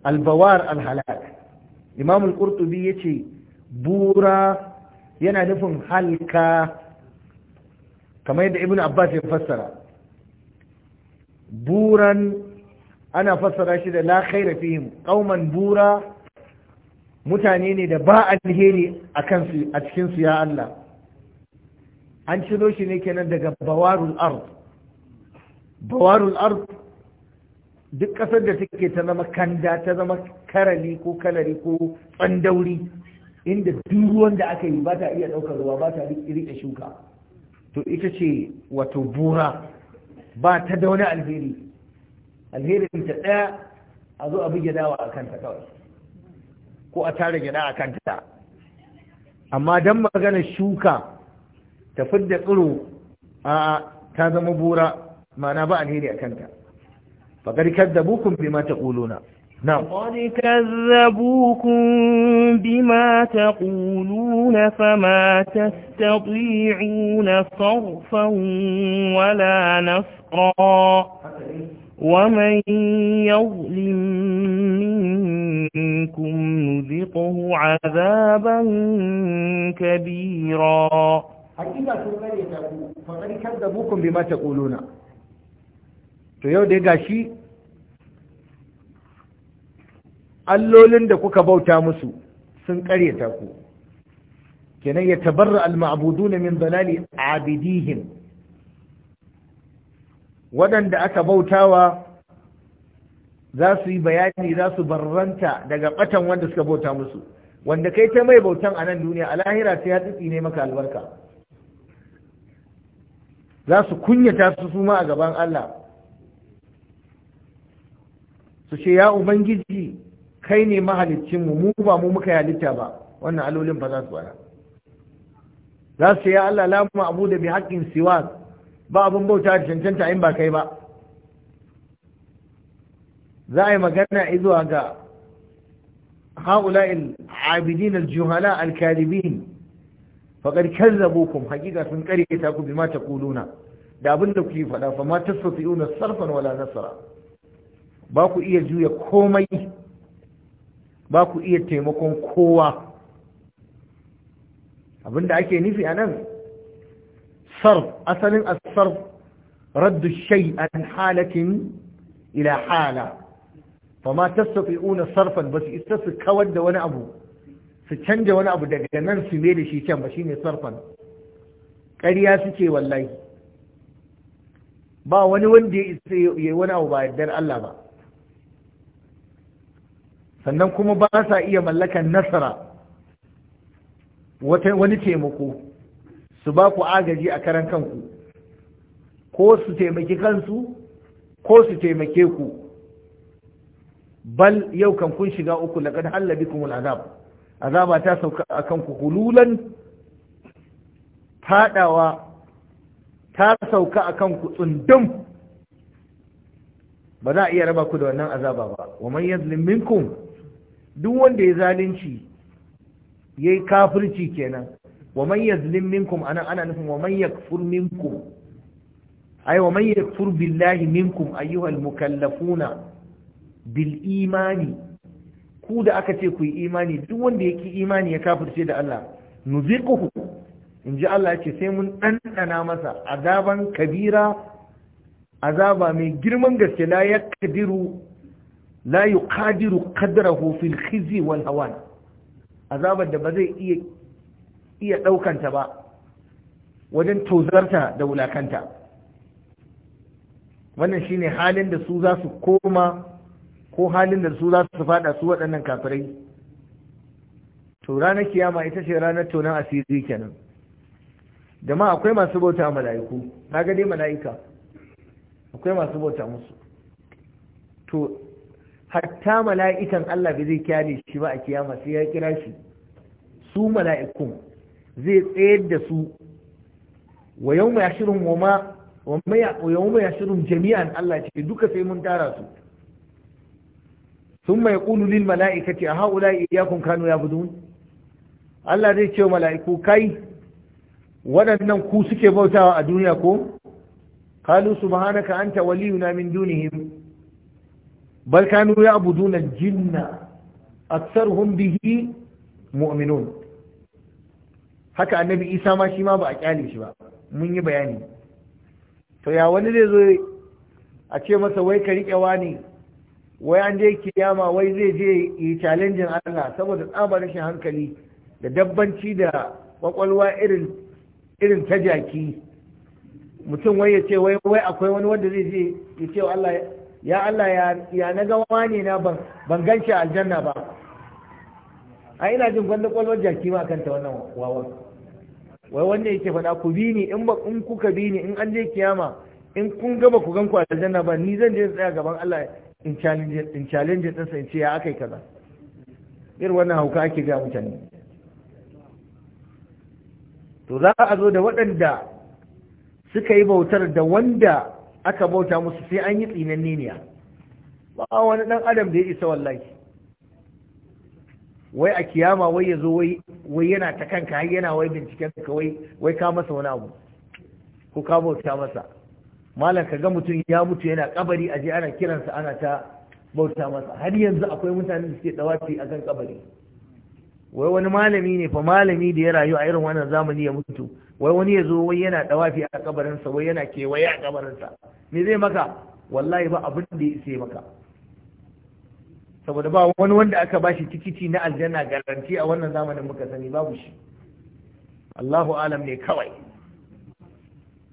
albawar alhalak imam al-qurtubi yace bura yana nufin halka kamar yadda ibnu abbas ya fassara buran ana fassara shi da la khaira fihim qauman bura mutane ne da ba alheri a kansu a cikin su ya Allah an ciro shi ne kenan daga bawarul ard bawarul ard duk ƙasar da take ta zama kanda ta zama karali ko kalari ko tsandauri inda duk ruwan da aka yi ba ta iya ɗaukar ruwa ba ta riƙe shuka to ita ce wato bura ba ta da wani alheri alherin ta ɗaya a zo a buge dawa a kanta kawai ko a tara gida a kanta amma don magana shuka ta fidda tsiro a ta zama bura ما ba alheri a kanta faƙar kaddabukum bima نعم قد كذبوكم بما تقولون فما تستطيعون صرفا ولا نفقا ومن يظلم منكم نذقه عذابا كبيرا حقيقة فقد كذبوكم بما تقولون to yau dai gashi allolin da kuka bauta musu sun karyata ku kenan ya tabarra al mabudun min dalali abidihim waɗanda aka bautawa za su yi bayani za su barranta daga batan wanda suka bauta musu wanda kai ta mai bautan a nan duniya a lahira sai ya tsitsi ne maka albarka za su kunyata su suma a gaban Allah su ce ya ubangiji kai ne mahaliccin mu mu ba mu muka halitta ba wannan alolin ba za su bara za su ya Allah la mu abu da bi haƙƙin siwa ba abin bauta da cancanta in ba kai ba za a yi magana izuwa ga ha'ula'il abidin aljuhala juhala al-kadibin faƙar kazzabukum hakika sun ƙare ta ku bi ma kuluna. da abin da kuke faɗa fa ma tasfiuna sarfan wala nasara ba ku iya juya komai ba ku iya taimakon kowa abinda ake nufi a nan sarf asalin asarf raddu shai a halakin ila hala fama una sarfan ba su isa su kawar da wani abu su canja wani abu daga nan su mai da shi can ba shine sarfan ƙarya suke wallahi ba wani wanda ya isa yi wani abu ba yardar Allah ba sannan kuma ba sa iya mallakan nasara wani taimako su ba ku agaji a karan kanku ko su taimaki kansu ko su taimake ku bal yau kan kun shiga uku laƙad hallabi kumul azab azaba ta sauka a kanku hululan fadawa ta sauka a kanku tsundum ba za a iya raba ku da wannan azaba ba wa manyan yazlim duk wanda ya zalunci yayi kafirci kenan wa man yazlim minkum ana ana nufin wa man yakfur minkum ay wa man yakfur billahi minkum ayyuhal mukallafuna bil imani ku da aka ce ku yi imani duk wanda yake imani ya kafirce da Allah nuziquhu in ji Allah ce sai mun ɗanɗana masa azaban kabira azaba mai girman gaske la yakdiru la yuqadiru qadrahu Hufin khizi wal hawan azabar da ba zai iya ɗaukanta ba wajen tozarta da wulakanta wannan shi ne halin da su za su koma ko halin da su za su fada su waɗannan kafirai to ranar kiyama ita ce ranar tonon asiri kenan jama'a akwai masu bauta mala'iku na gade mala'ika akwai masu bauta musu to hatta mala'ikan Allah ba zai kyale shi ba a kiyama sai ya kira shi su mala'ikun zai tsayar da su wa yau mai ashirin wa yau mai jami'an Allah ce duka sai mun tara su sun mai ƙulu lil mala'ikati a haula iyakun kanu ya budun Allah zai ce mala'iku kai waɗannan ku suke bautawa a duniya ko kalu subhanaka anta waliyuna min dunihim bal kanu ya'buduna al-jinna aktsaruhum bihi mu'minun haka annabi Isa ma shi ma ba a kyale shi ba mun yi bayani to ya wani zai zo a ce masa wai ka riƙe wani wai an je kiyama wai zai je yi challenging Allah saboda tsabar rashin hankali da dabbanci da kwakwalwa irin irin ta jaki mutum wai ya ce wai akwai wani wanda zai je ya ce Allah ya Allah ya na ga ne na ban a aljanna ba a ina jin gwanda kwalwar jaki ma kanta wannan wawan wai wanda yake fada ku bi ni in ba in kuka bi ni in an je kiyama in kun gaba ku gan ku aljanna ba ni zan je tsaya gaban Allah in challenge in challenge din sai ce ya akai kaza irin wannan hauka ake ga mutane to za a zo da waɗanda suka yi bautar da wanda aka bauta musu sai an yi tsinanne niniya ba a wani dan adam da ya isa wallahi wai a kiyama wai ya zo wai yana ta kanka har yana wai binciken ka wai ka masa wani abu ko ka bauta masa malam ka ga mutum ya mutu yana kabari a je ana kiransa ana ta bauta masa har yanzu akwai mutanen da suke dawaci a kan kabari wai wani malami ne fa malami da ya rayu a irin wannan zamani ya mutu wai wani ya zo wai yana dawafi a kabarinsa wai yana kewaye a kabarinsa me zai maka wallahi ba abin da ya maka saboda ba wani wanda aka bashi tikiti na aljanna garanti a wannan zamanin muka sani babu shi Allahu alam ne kawai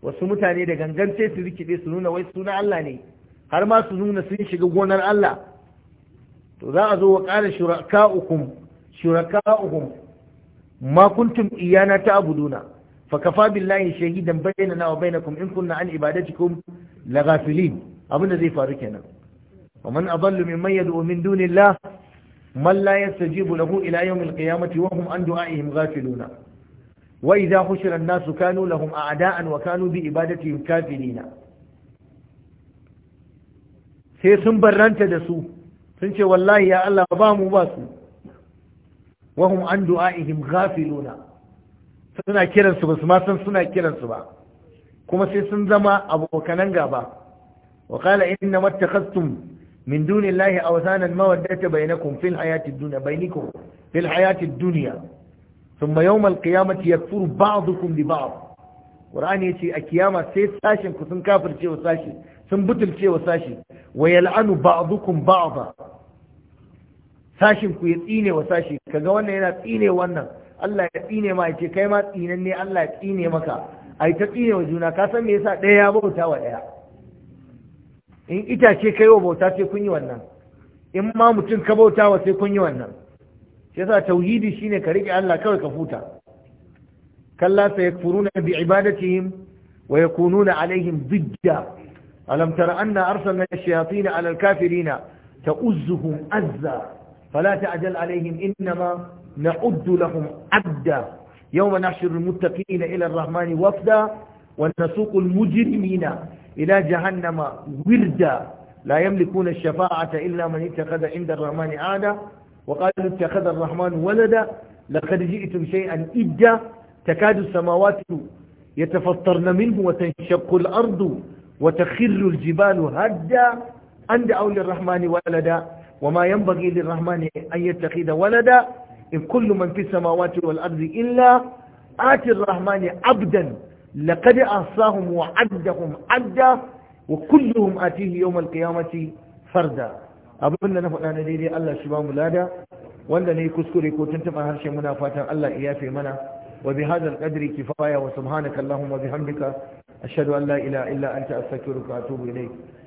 wasu mutane da gangan sai su rikide su nuna wai suna Allah ne har ma su nuna sun shiga gonar Allah to za a zo wa qala shuraka'ukum shuraka'uhum ma kuntum iyana ta'buduna fa kafa billahi shahidan bainana wa bainakum in kunna an ibadatikum abin da zai faru kenan wa man adallu mimman yad'u min dunillah man la yastajibu lahu ila yawmil qiyamati wa hum an du'a'ihim ghafiluna wa idha hushira an-nasu kanu lahum a'da'an wa kanu bi ibadatihim kafirina sai sun barranta da su sun ce wallahi ya Allah ba mu ba su wahum an du'a'ihim ghafiluna suna kiransu ba su ma san suna kiransu ba kuma sai sun zama abokanan gaba wa qala inna mattakhastum min dunillahi awsanan mawaddata bainakum fil hayati dunya bainakum fil hayati dunya thumma yawm alqiyamati yakfuru ba'dukum li ba'd qur'ani yace a kiyama sai sashin ku sun kafirce wa sashi sun butulce wa sashi wa yal'anu ba'dukum ba'da sashin ku ya tsine wa sashi kaga wannan yana tsine wannan Allah ya tsine ma yace kai ma ne Allah ya tsine maka ai ta tsine wa juna ka san me yasa ɗaya ya bauta wa ɗaya in itace kai wa bauta sai kun yi wannan in ma mutum ka bauta wa sai kun yi wannan shi yasa tauhidi shine ka rike Allah kawai ka futa kalla sayakfuruna bi ibadatihim wa yakununa alaihim dijja alam tara anna arsalna ash-shayatin ala al-kafirina ta'uzzuhum azza فلا تعجل عليهم إنما نعد لهم عدا يوم نحشر المتقين إلى الرحمن وفدا ونسوق المجرمين إلى جهنم وردا لا يملكون الشفاعة إلا من اتخذ عند الرحمن عادا وقالوا اتخذ الرحمن ولدا لقد جئتم شيئا إدا تكاد السماوات يتفطرن منه وتنشق الأرض وتخر الجبال هدا أن دعوا للرحمن ولدا وما ينبغي للرحمن أن يتخذ ولدا إن كل من في السماوات والأرض إلا آتي الرحمن عبدا لقد أعصاهم وعدهم عدا وكلهم آتيه يوم القيامة فردا أبونا نفعنا نديري الله شبام لادا كسكري نكسكري كنتم أهرش منافاتا الله إيافي منا وبهذا القدر كفاية وسبحانك اللهم وبحمدك أشهد أن لا إله إلا أنت أستكرك وأتوب إليك